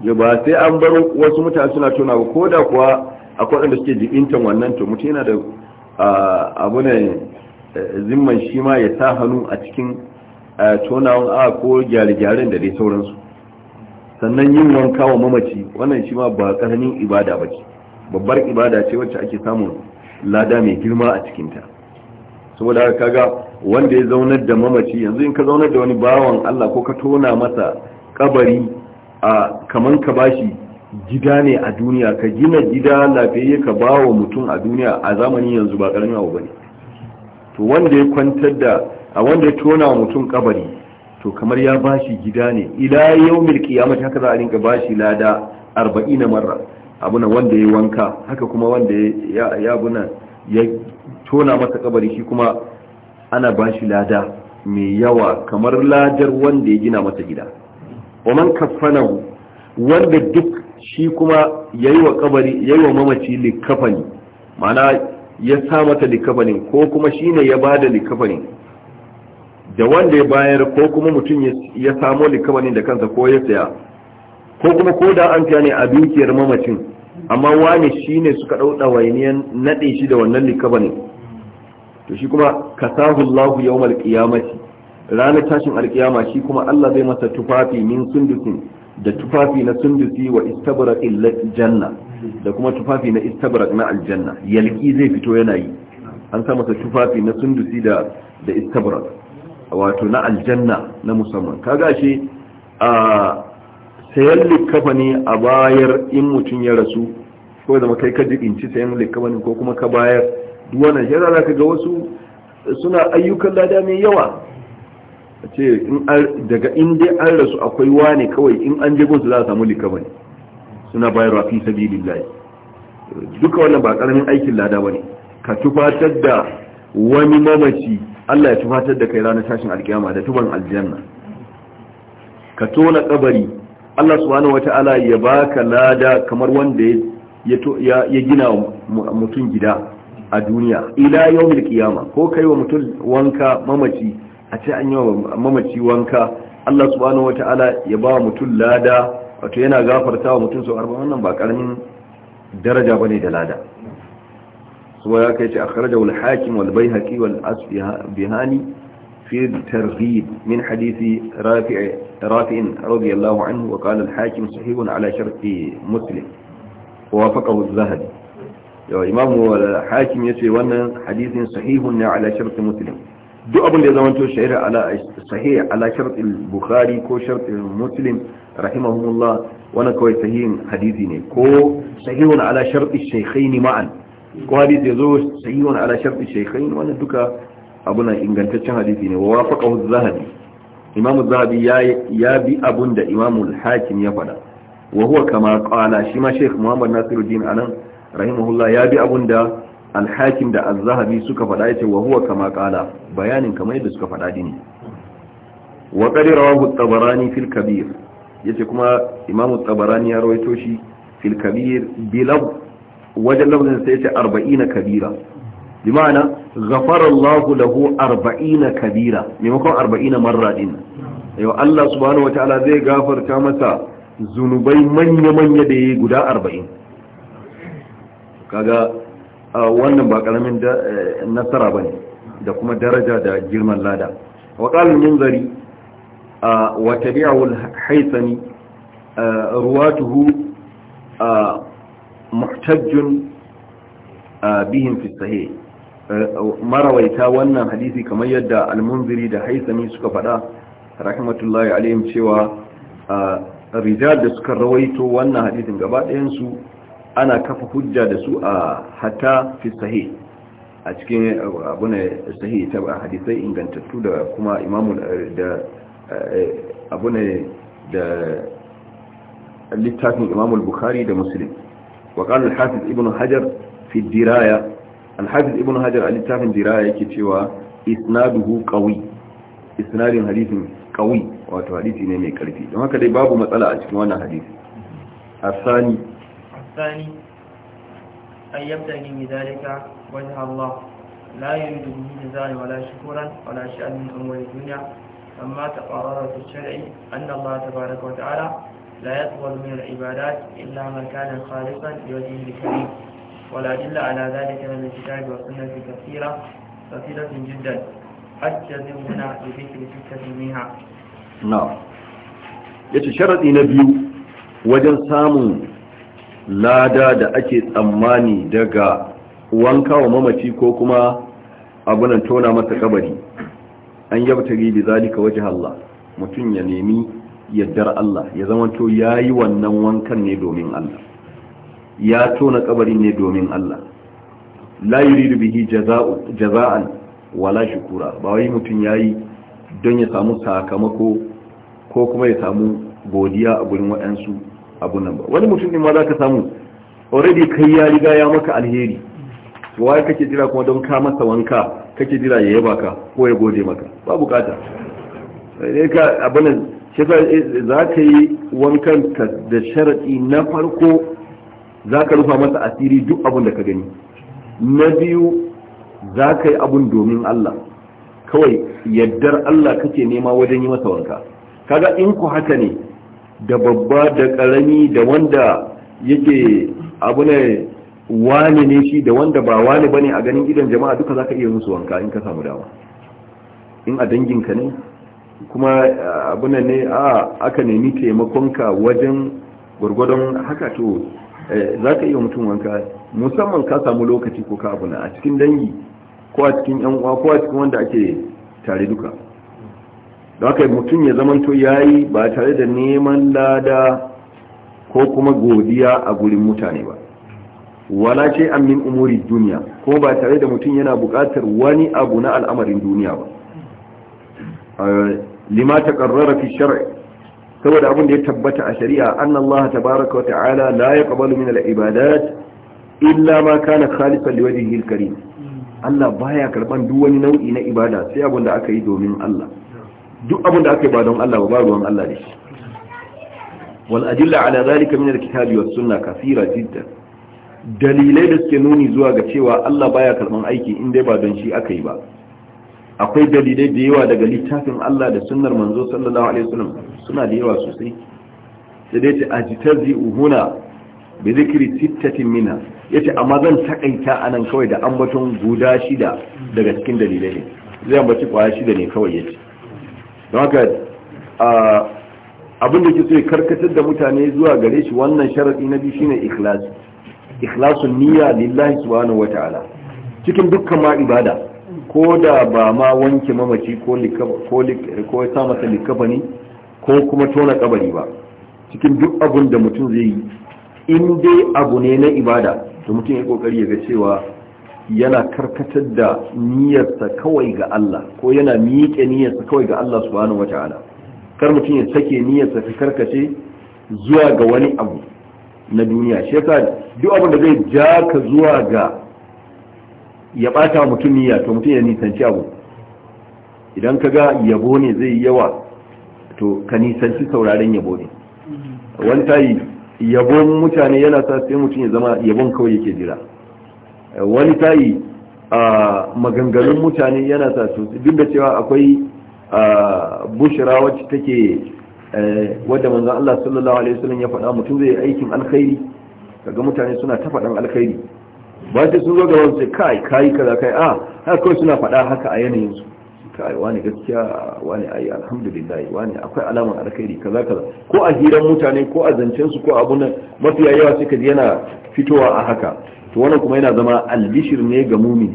ne ba sai an bar wasu mutane suna tona ba ko da kuwa akwai wanda suke jibintan wannan to mutum yana da abu ne eh, zimman shi ma ya sa hannu a cikin eh, tonawan a ko gyare-gyaren da dai sauransu sannan yin wanka wa mamaci wannan shi ma ba karamin ibada ba ce babbar ibada ce wacce ake samun lada mai girma a cikinta saboda haka kaga wanda ya zaunar da mamaci yanzu in ka zaunar da wani bawan Allah ko ka tona masa kabari a kaman ka bashi gida ne a duniya ka gina gida lafiyayye ka ba wa mutum a duniya a zamanin yanzu ba karamin abu bane to wanda ya kwantar da a wanda ya tona wa mutum kabari to kamar ya bashi gida ne ila yaumil qiyamah haka za a rinka bashi lada 40 marra abuna wanda ya wanka haka kuma wanda ya ya ya tona masa kabari shi kuma ana bashi lada mai yawa kamar ladar wanda ya gina masa gida wa man wanda duk shi kuma yayi wa kabari yayi wa mamaci likafani ma'ana ya sa mata ko kuma shine ya bada da wanda ya bayar ko kuma mutum ya samo likafanin da kansa ko ya saya ko kuma ko da an ne a dukiyar mamacin amma wani shine suka dau dawainiyan nade shi da wannan likafanin to shi kuma kasahu Allahu yawmal qiyamati ranar tashin alkiyama shi kuma Allah zai masa tufafi min sundusi da tufafi na sundusi wa istabrak janna da kuma tufafi na istabrak na aljanna yalki zai fito yana yi an sa masa tufafi na sundusi da da istabrak wato na aljanna na musamman kaga shi a sayan likkafa a bayar in mutum ya rasu ko zama kai ka jibinci sayan likkafa ko kuma ka bayar duk wannan shi za ka ga wasu suna ayyukan lada mai yawa a ce daga in an rasu akwai wane kawai in an je su za a samu ne suna bayarwa fi sabilillahi duka wannan ba karamin aikin lada bane ka tufatar da wani mamaci Allah ya tufatar da kai ranar tashin alkiyama da tuban aljanna ka tona kabari Allah subhanahu ta'ala ya baka lada kamar wanda ya gina mutum gida a duniya ila yawmil qiyama ko kai wa mutum wanka mamaci a ce an yi mamaci wanka Allah subhanahu wata'ala ya ba mutum lada wato yana gafarta wa mutum sau arba'in wannan ba karamin daraja bane da lada ba ya kai ce a kharaja wal hakim wal baihaqi wal asbihani fi targhib min hadisi rafi' rafi'in radiyallahu anhu wa qala al hakim sahihun ala sharti muslim wa wafaqahu az-zahabi ya imam al hakim yace wannan hadisin sahihun ala sharti muslim duk abin da ya zama zamanto shahira ala sahih ala shartin bukhari ko shartin muslim rahimahumullah wani kawai sahihin hadisi ne ko sahihun ala shartin shaykhaini ma'an ko hadisi yazo sahihun ala shartin shaykhain wannan duka abuna ingantaccen hadisi ne wa wafaqahu az-zahabi imam az-zahabi ya ya bi abun da imam al-hakim ya fada wa huwa kama qala shi ma shaykh muhammad nasiruddin anan rahimahullah ya bi abun da alhakim da az-zahabi suka faɗa yace wa huwa kama qala bayanin kamar yadda suka faɗa dini wa qad rawahu tabarani fil kabir yace kuma imam tabarani ya rawaito shi fil kabir bilab wajen lafzin sai yace arba'ina kabira bi ma'ana ghafara Allahu lahu arba'ina kabira maimakon arba'ina marra din yau Allah subhanahu wataala zai gafarta masa zunubai manya-manya da yayi guda 40 kaga wannan ba karamin eh, nasara ba ne da kuma daraja da girman lada wa qalul Zari wa tabi'u al-haythani ruwatuhu muhtajjun bihim fi sahih marawaita wannan hadisi kamar yadda al-munziri da haythani suka faɗa rahmatullahi alaihim cewa rijal da suka rawaito wannan hadisin gaba ɗayan su ana kafa hujja da su a hata fi sahih a cikin eh, abuna sahih ta hadisai ingantattu da kuma imamu eh, da eh, abuna da littafin imamu bukhari da musulun wa qala hafiz ibn hajar fi diraya al ibn hajar a littafin diraya yake cewa isnaduhu qawi isnadin hadisin qawi wato hadisi ne mai karfi don haka dai babu matsala a cikin wannan hadisi asani الثاني أن يبتغي بذلك وجه الله لا يريد به جزاء ولا شكورا ولا شيئا من أمور الدنيا أما تقرر في الشرع أن الله تبارك وتعالى لا يقبل من العبادات إلا ما كان خالصا لوجهه الكريم ولا دل على ذلك من الكتاب والسنة كثيرة كثيرة جدا أجزم هنا بذكر ستة منها نعم يتشرط نبي وجن سامون lada da ake tsammani daga wanka wa mamaci ko kuma abunan tona masa kabari an yabtari bi zalika waje Allah mutum ya nemi yaddar Allah ya zama ya yayi wannan wankan ne domin Allah ya tona kabarin ne domin Allah la yuridu bihi jaza'an wala shukura ba wai mutum yayi don ya samu sakamako ko kuma ya samu godiya a gurin waɗansu abun nan ba wani mutum ne ma za ka samu already kai ya riga ya maka alheri waye kake jira kuma don ka masa wanka kake jira ya yaba ka ko ya gode maka ba bukata sai ka nan shi eh, za ka yi wankan ka da sharadi na farko za ka rufa masa asiri duk abun da ka gani na biyu za ka yi abun domin Allah kawai yaddar Allah kake nema wajen yi masa wanka kaga in ku haka ne da babba da karami da wanda yake abu ne wani ne shi da wanda ba wani bane a ganin gidan jama'a duka zaka iya musu wanka in ka samu dama in a danginka ne kuma abu ne a aka nemi taimakonka wajen gwargwadon haka to eh, za iya mutum wanka musamman ka samu lokaci ko ka abu na a cikin dangi ko a cikin yan uwa ko a cikin wanda ake tare duka da haka mutum ya zamanto ya yi ba tare da neman lada ko kuma godiya a gurin mutane ba wala ce an min umuri duniya ko ba tare da mutum yana buƙatar wani abu na al'amarin duniya ba lima ta ƙarrara fi shari'a saboda abin da ya tabbata a shari'a an Allah tabaraka wa ta'ala la ya ƙabalu min al'ibadat illa ma kana khalifan liwajin hilkari Allah baya karban duk wani nau'i na ibada sai abin da aka yi domin Allah duk abin da aka yi ba don Allah ba ruwan Allah ne wal ajilla ala zalika min alkitabi was sunna kafira jiddan dalilai da suke nuni zuwa ga cewa Allah baya karban aiki in dai ba don shi aka yi ba akwai dalilai da yawa daga littafin Allah da sunnar manzo sallallahu alaihi wasallam suna da yawa sosai sai dai ta ajitazi huna bi dhikri sittatin minha yace amma zan takaita anan kawai da ambaton guda shida daga cikin dalilai ne zai ambaci kwaya shida ne kawai yace don haka abin da ke so ya karkatar da mutane zuwa gare shi wannan sharadi na biyu shine ikhlas ikhlasun niyya lillahi subhanahu wata'ala cikin dukkan ma ibada ko da ba ma wanke mamaci ko ko sa masa likafani ko kuma tona kabari ba cikin duk abun da mutum zai yi in dai abu ne na ibada da mutum ya kokari ya ga cewa yana karkatar da niyyarsa kawai ga Allah ko yana miƙe niyyarsa kawai ga Allah subhanahu wata'ala kar mutum ya sake niyyarsa ta karkace zuwa ga wani abu na duniya shi yasa duk abin da zai ja ka zuwa ga ya bata mutum niyya to mutum ya nisanci abu idan ka ga yabo ne zai yi yawa to ka nisanci sauraren yabo ne wani tayi yabon mutane yana sa sai mutum ya zama yabon kawai yake jira wani tayi a maganganun mutane yana sa su duk da cewa akwai bushira wacce take eh, wadda manzo Allah sallallahu alaihi wasallam ya faɗa mutum zai aikin alkhairi kaga mutane suna ta faɗan alkhairi ba sai sun zo gaban sai kai kai kaza kai a haka kai suna faɗa haka a yanayin su kai wani gaskiya wani ayi alhamdulillah wani akwai alaman alkhairi kaza kaza ko a hiran mutane ko a zancen su ko abun nan mafiya yawa suka ji yana fitowa a haka to wannan kuma yana zama albishir ne ga mumin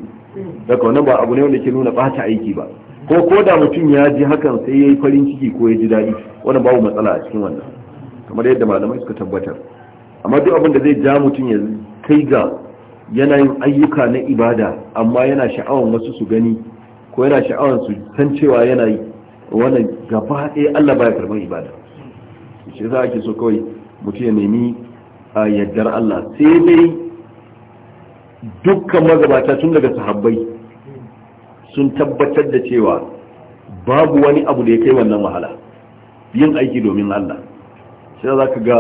daga wannan ba abu ne wanda ke nuna bata aiki ba ko ko da mutum ya ji hakan sai ya yi farin ciki ko ya ji daɗi wannan babu matsala a cikin wannan kamar yadda malamai suka tabbatar amma duk abin da zai ja mutum ya kai ga yana yin ayyuka na ibada amma yana sha'awan wasu su gani ko yana sha'awan su san cewa yana yi wannan gaba ɗaya Allah baya karɓar ibada shi yasa ake so kawai mutum ya nemi a yaddar Allah sai dai dukkan magabata tun daga sahabbai sun tabbatar da cewa babu wani abu da ya kai wannan wahala yin aiki domin Allah sai za ka ga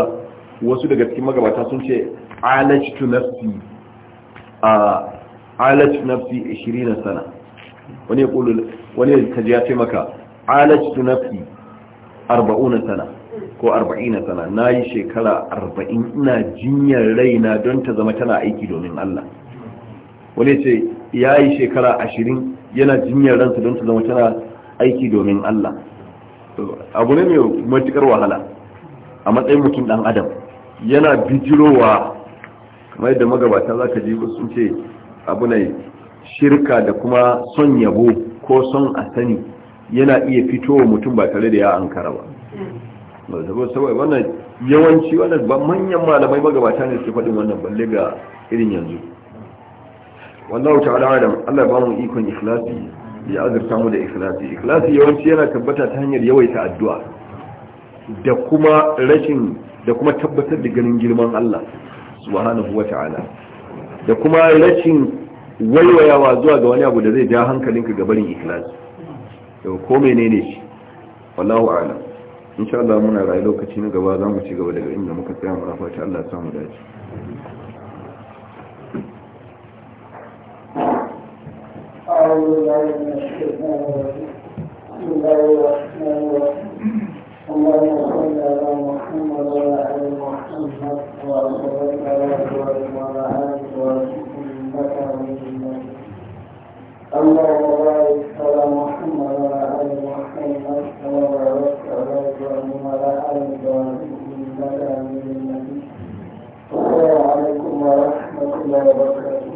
wasu daga cikin magabata sun ce alajtu nafsi a alajtu nafsi 20 sana wani ya kulu wani ya kaji ya ce maka alajtu nafsi 40 sana ko 40 sana na yi shekara 40 ina jinyar raina don ta zama tana aiki domin Allah wani ce ya yi shekara ashirin yana jinyar ransa don ta zama tana aiki domin Allah abu ne mai matukar wahala a matsayin mutum dan adam yana bijirowa kamar yadda magabata za ka ji sun ce abu ne shirka da kuma son yabo ko son a sani yana iya fitowa mutum ba tare da ya kara ba wannan yawanci wannan manyan malamai magabata ne suke faɗin wannan balle ga irin yanzu wallahu ta'ala alam Allah ba mu ikon ikhlasi ya azurta mu da ikhlasi ikhlasi yawanci yana tabbata ta hanyar yawaita addu'a da kuma rashin da kuma tabbatar da ganin girman Allah subhanahu ta'ala da kuma rashin waiwayawa zuwa ga wani abu da zai ja hankalinka ga barin ikhlasi to ko menene shi wallahu a'lam insha Allah muna rayu lokaci na gaba za mu ci gaba daga inda muka tsaya mu fata Allah ya samu dace أعوذ بالله من الشيطان بسم الله الرحمن الرحيم اللهم صل على محمد وعلى آل محمد وبارك على إبراهيم وعلى آل إبراهيم إنك حميد مجيد اللهم بارك على محمد وعلى آل محمد كما باركت على إبراهيم وعلى آل إبراهيم إنك حميد مجيد السلام عليكم ورحمة الله وبركاته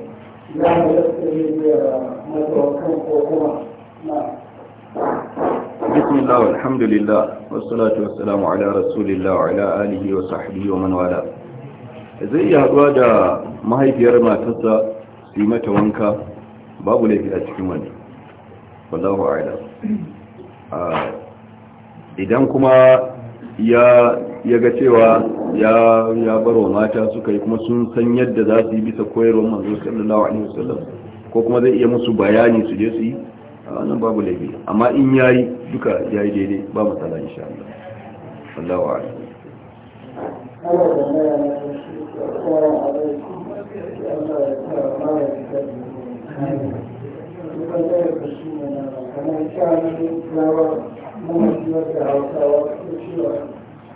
na بسم الله والحمد لله والصلاة والسلام على رسول الله وعلى آله وصحبه ومن والاه zai iya haɗuwa da mahaifiyar matarsa su mata wanka babu laifi a cikin wani ah, idan kuma ya ya ga cewa ya ya barwa mata suka yi kuma sun san yadda za su yi bisa koyarwar manzo sallallahu alaihi wasallam ko kuma zai iya musu bayani su je su yi nan babu laifi amma in yayi duka yayi daidai ba matsala insha Allah Allahu a'lam Thank you.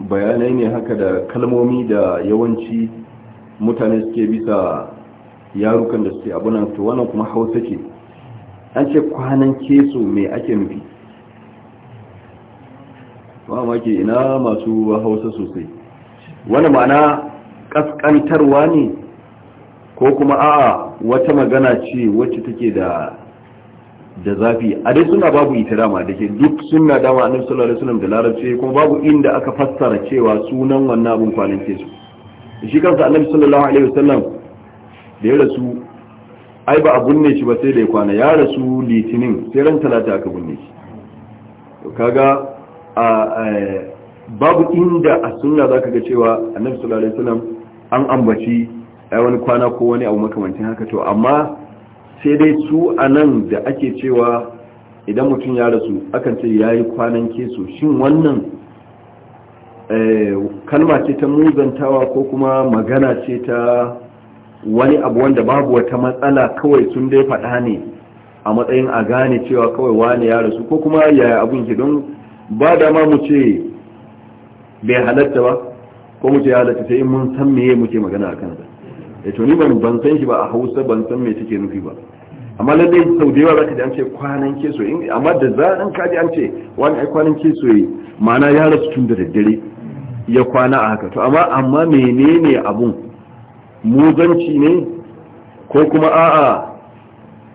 bayanai ne haka da kalmomi da yawanci mutane suke bisa yarukan da suke abunan to wannan kuma hausa ke. an ce kwanan keso mai ake nufi ba ma ke ina masu hausa sosai wani ma'ana kaskantarwa ne ko kuma a'a wata magana ce wacce take da da zafi a dai suna babu ita dama da ke duk suna dama a sallallahu alaihi da larabci kuma babu inda aka fassara cewa sunan wannan abun ke su shi kansa annabi sallallahu alaihi wasallam da ya rasu ai ba a bunne shi ba sai da ya kwana ya rasu litinin sai ran talata aka bunne shi kaga a babu inda a sunna zaka ga cewa annabi sallallahu alaihi wasallam an ambaci wani kwana ko wani abu makamancin haka to amma sai dai su a nan da ake cewa idan mutum ya rasu akan ce ya yi kwanan keso shin wannan eh, kalma ce ta muzantawa ko kuma magana ce ta wani abu wanda babu wata matsala kawai sun dai faɗa ne a matsayin a gane cewa kawai wane ya rasu ko kuma yi abin ke don ba da ma mu ce bai halatta ba ko mu ce ya halatta sai mun san meye muke magana a kansa ya eh, to ni ban ban san shi ba a hausa ban san me take nufi ba amma lallai sau da yawa zaka ji an ce kwanan ke so amma da za an ka ji an ce wani ai kwanan ke so ma'ana ya rasu tun da daddare ya kwana a haka to amma amma menene abun muzanci ne ko kuma a'a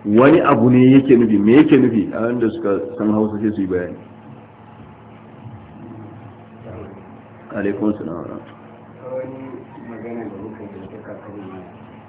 wani abu ne yake nufi me yake nufi a wanda suka san hausa sai su yi bayani alaikun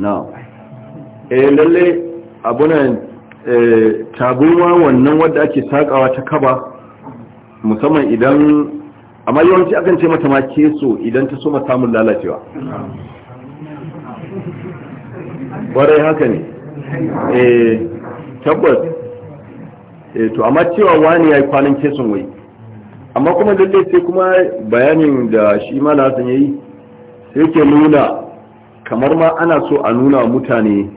na eh lalle abunan eh, taguwa wannan wadda ake sakawa ta kaba musamman idan amma yawanci akan ce mata ma keso idan ta soma samun lalacewa ƙwarai haka ne eh tabbas eh to amma cewa wani ya yi kwanan keson wai amma kuma lalle sai kuma bayanin da shi ma na ya yi sai ke nuna kamar ma ana so a nuna mutane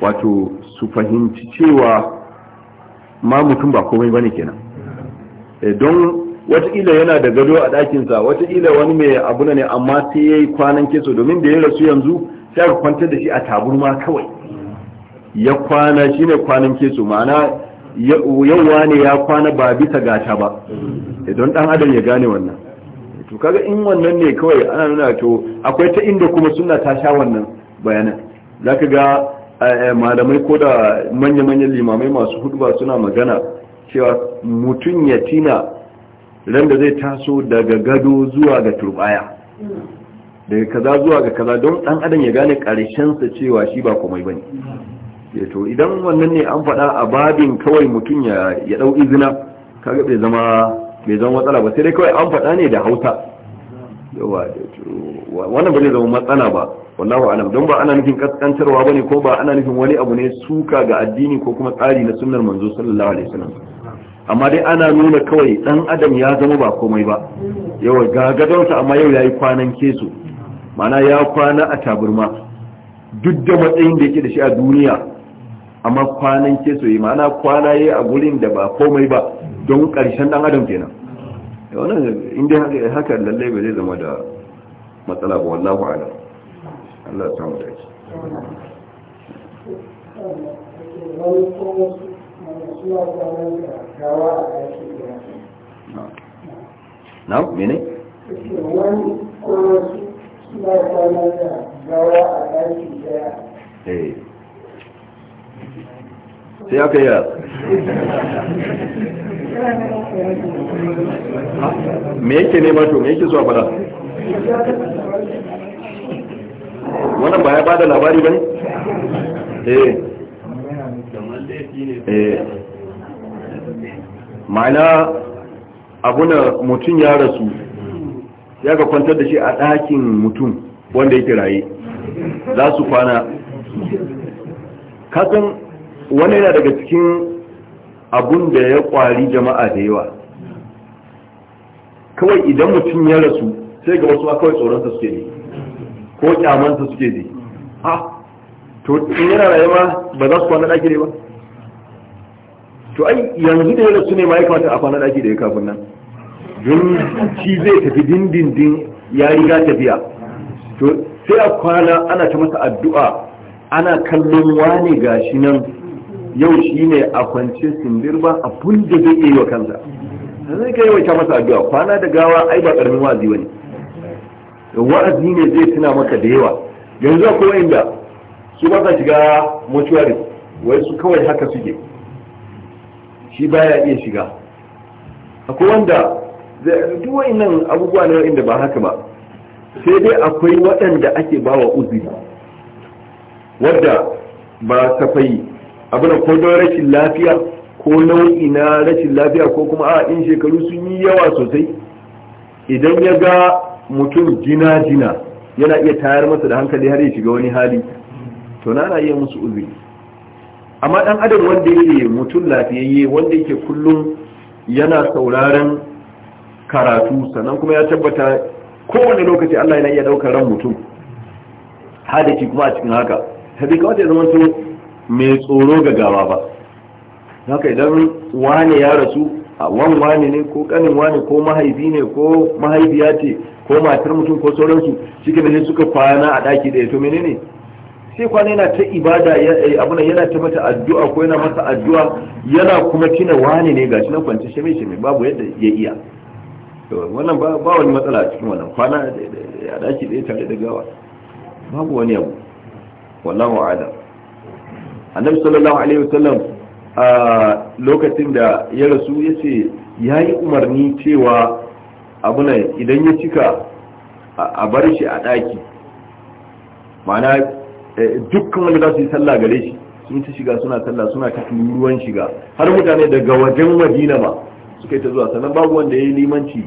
wato su fahimci cewa ma mutum ba komai bane kenan eh, don wataƙila yana da gado a ɗakinsa wataƙila wani mai abuna ne amma sai ya yi kwanan keso domin da ya rasu yanzu sai ka kwantar da shi a taburma kawai ya kwana shi ne kwanan keso ma'ana yauwa ne ya kwana ba bisa gata ba eh, don ɗan adam ya gane wannan to kaga in wannan ne kawai ana nuna to akwai ta inda kuma suna ta sha wannan bayanan zaka ga eh, eh, malamai ko da manya-manyan limamai masu hudba suna magana cewa mutum ya tina randa zai taso daga gado zuwa ga turbaya daga kaza zuwa ga kaza don dan adam ya gane karshensa cewa shi ba komai bane eh, to idan wannan ne an faɗa a babin kawai mutum ya dau izina kaga bai zama Mai zama matsala ba sai dai kawai an faɗa ne da hausa wannan ba zai zama matsala ba wa alam don ba ana nufin kaskantarwa ne ko ba ana nufin wani abu ne suka ga addini ko kuma tsari na sunnar manzo sallallahu alaihi wasallam amma dai ana nuna kawai dan adam ya zama ba komai ba yau ga gadonsa amma yau yayi kwanan kesu mana ya kwana a taburma duk da matsayin da yake da shi a duniya amma kwanan keso yi ma'ana kwana yi a gurin da ba komai ba don ƙarshen ɗan adam kenan eh, wannan inda haka lallai ba zai zama da matsala ba wallahu ala Allah ya samu dace na mene? wani kuma suna kwanar da gawa a ɗaki daya sai aka yi me yake nema to me yake zuwa fada wannan ba ya bada labari ba ne? eh eh ma'ana abuna mutum ya rasu ya ga kwantar da shi a ɗakin mutum wanda yake raye za su kwana kasan wani yana daga cikin abun da ya kwari jama'a da yawa kawai idan mutum ya rasu sai ga wasu kawai tsoronsa suke ne ko kyamanta suke ne ha to in yana rayuwa ba za su kwana ɗaki ne ba to ai yanzu da ya rasu ne ma ya kamata a kwana ɗaki da ya kafin nan don shi zai tafi dindindin ya riga tafiya to sai a kwana ana ta masa addu'a ana kallon wani gashi nan yau shi ne a kwance sindir ba abun da zai iya wa kansa zai kai yawaita masa addu'a kwana da gawa ai ba karamin wa'azi bane wa'azi ne zai tuna maka da yawa yanzu akwai wanda su ba sa shiga mortuary wai su kawai haka suke shi baya iya shiga akwai wanda duk wa'annan abubuwa ne inda ba haka ba sai dai akwai waɗanda ake bawa uzuri wadda ba ta fayi. abin ko don rashin lafiya ko nau'i na rashin lafiya ko kuma a in shekaru sun yi yawa sosai idan ya ga mutum jina jina yana iya tayar masa da hankali har ya shiga wani hali to na na iya musu uzuri amma dan adam wanda yake mutum lafiyayye wanda yake kullum yana sauraron karatu sannan kuma ya tabbata kowane lokaci Allah yana iya daukar ran mutum hadaki kuma a cikin haka hadika kawai ya zama to mai tsoro ga gawa ba haka idan wane ya rasu a wan wane ne ko kanin wane ko mahaifi ne ko mahaifiya ce ko matar mutum ko sauransu shike da suka kwana a daki da to menene sai kwana yana ta ibada eh, abuna yana ta mata addu'a ko yana masa addu'a yana kuma kina wane ne gashi na kwanci sheme sheme babu yadda ya iya wannan ba wani matsala a cikin wannan kwana a daki da tare da gawa babu wani abu wallahu a'lam annabi sallallahu alaihi wasallam a lokacin da ya rasu ya ce ya yi umarni cewa ne, idan ya cika a bar shi a ɗaki ma'ana eh, dukkan wanda za su yi sallah gare shi sun ta shiga suna sallah suna ta ruwan shiga har mutane daga wajen madina ma suka yi ta zuwa sannan babu wanda ya yi limanci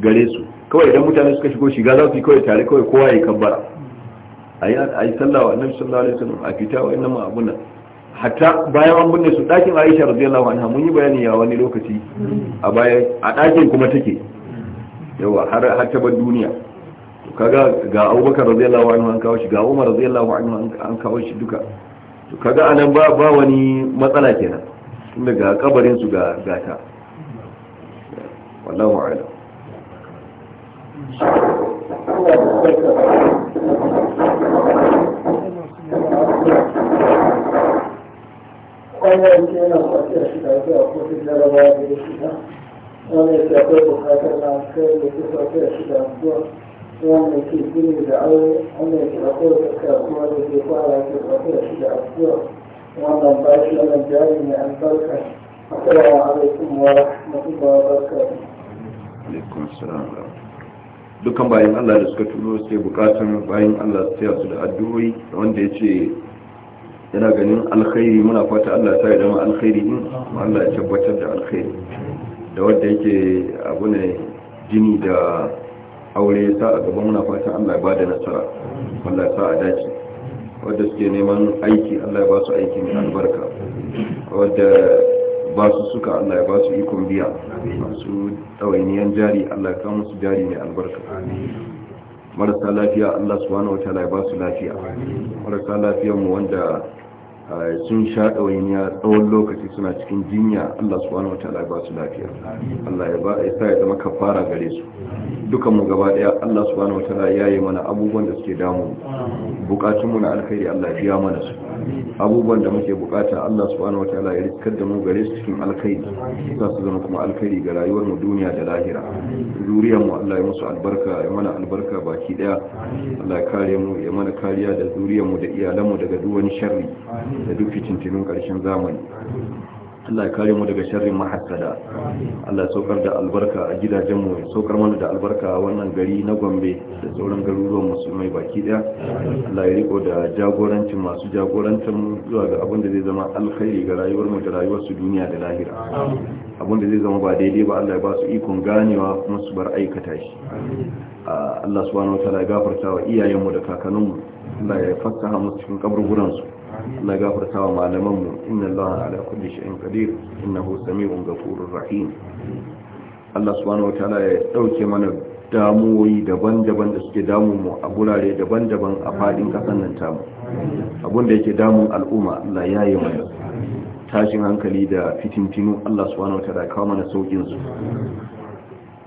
gare su kawai idan mutane suka shigo shiga za su yi kawai tare kawai kowa ya kabbara a yi sallah wa annabi sallallahu alaihi wasallam a fita wa inna abuna hatta bayan an bunne su dakin Aisha radiyallahu anha mun yi bayani ya wani lokaci a baya a dakin kuma take yawa har har ta duniya to kaga ga Abubakar radiyallahu anhu an kawo shi ga Umar radiyallahu anhu an kawo shi duka to kaga anan ba ba wani matsala kenan tunda ga kabarin su ga gata wallahu a'lam Thank you. wanda yake yana kwanciyar shi da a kotun jarabawa da ya shiga wanda yake akwai bukatar na kai da ke kwanciyar shi da zuwa wanda yake gini da aure wanda yake akwai zakka kuma da ke fara ke kwanciyar shi da zuwa wannan bashi wannan jari mai albarka assalamu alaikum wa rahmatullahi wa barakatuh alaikum salam dukkan bayan Allah da suka turo sai bukatun bayan Allah su taya su da addu'o'i wanda ya ce yana ganin alkhairi muna fata Allah ta yi dama alkhairi din Allah ya tabbatar da alkhairi da wanda yake abu ne jini da aure ya sa a gaba muna fata Allah ya bada nasara Allah ya sa a dace wanda suke neman aiki Allah ya ba su aiki mai albarka wanda ba su suka Allah ya ba su ikon biya masu ɗawainiyan jari Allah ya kawo musu jari mai albarka marasa lafiya Allah subhanahu wataala ya ba su lafiya marasa lafiyar mu wanda sun sha ɗawainiya tsawon lokaci suna cikin jinya Allah subhanahu wataala ba su lafiya Allah ya ba ya isa ya zama kafara gare su dukan mu gaba daya Allah subhanahu wataala ya yi mana abubuwan da suke damu bukatun mu na alkhairi Allah ya mana su abubuwan da muke bukata Allah subhanahu wataala ya rikar da mu gare su cikin alkhairi za su zama kuma alkhairi ga rayuwar mu duniya da lahira zuriyar mu Allah ya musu albarka ya mana albarka baki daya Allah ya kare mu ya mana kariya da zuriyar mu da iyalan mu daga wani sharri da duk fitintinun karshen zamani Allah ya kare mu daga sharrin mahassada Allah ya saukar da albarka a gidajenmu ya saukar mana da albarka a wannan gari na Gombe da sauran garuruwan musulmai baki daya Allah ya riko da jagorancin masu jagorantar mu zuwa ga abin da zai zama alkhairi ga rayuwar mu da rayuwar su duniya da lahira abin da zai zama ba daidai ba Allah ya ba su ikon ganewa kuma su bar aikata shi Allah subhanahu wataala ya gafarta wa iyayenmu da kakanninmu Allah ya fassaha musu cikin kaburburansu Allah ya gafarta wa malaman mu inna Allah ala kulli shay'in qadir innahu samii'un ghafurur rahim Allah subhanahu wataala ya dauke mana damuwoyi daban-daban da suke damun mu a gurare daban-daban a fadin kasan nan tamu abun yake damun al'umma Allah ya yi mana tashin hankali da fitintinu Allah subhanahu wataala ya kawo mana saukin su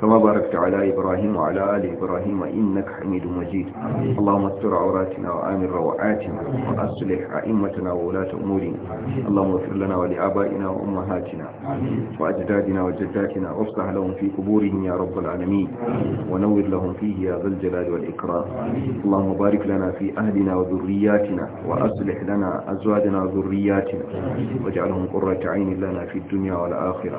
كما باركت على إبراهيم وعلى آل إبراهيم إنك حميد مجيد اللهم استر عوراتنا وآمن روعاتنا وأصلح أئمتنا وولاة أمورنا اللهم اغفر لنا ولآبائنا وأمهاتنا وأجدادنا وجداتنا وافتح لهم في قبورهم يا رب العالمين ونور لهم فيه يا ذا الجلال والإكرام اللهم بارك لنا في أهلنا وذرياتنا وأصلح لنا أزواجنا وذرياتنا واجعلهم قرة عين لنا في الدنيا والآخرة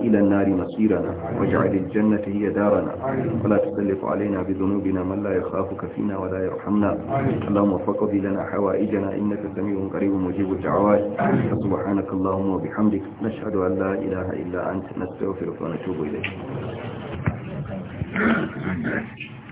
إلى النار مصيرنا واجعل الجنة هي دارنا ولا تسلف علينا بذنوبنا من لا يخافك فينا ولا يرحمنا اللهم فقد لنا حوائجنا إنك سميع قريب مجيب الدعوات سبحانك اللهم وبحمدك نشهد أن لا إله إلا أنت نستغفرك ونتوب إليك Thank you.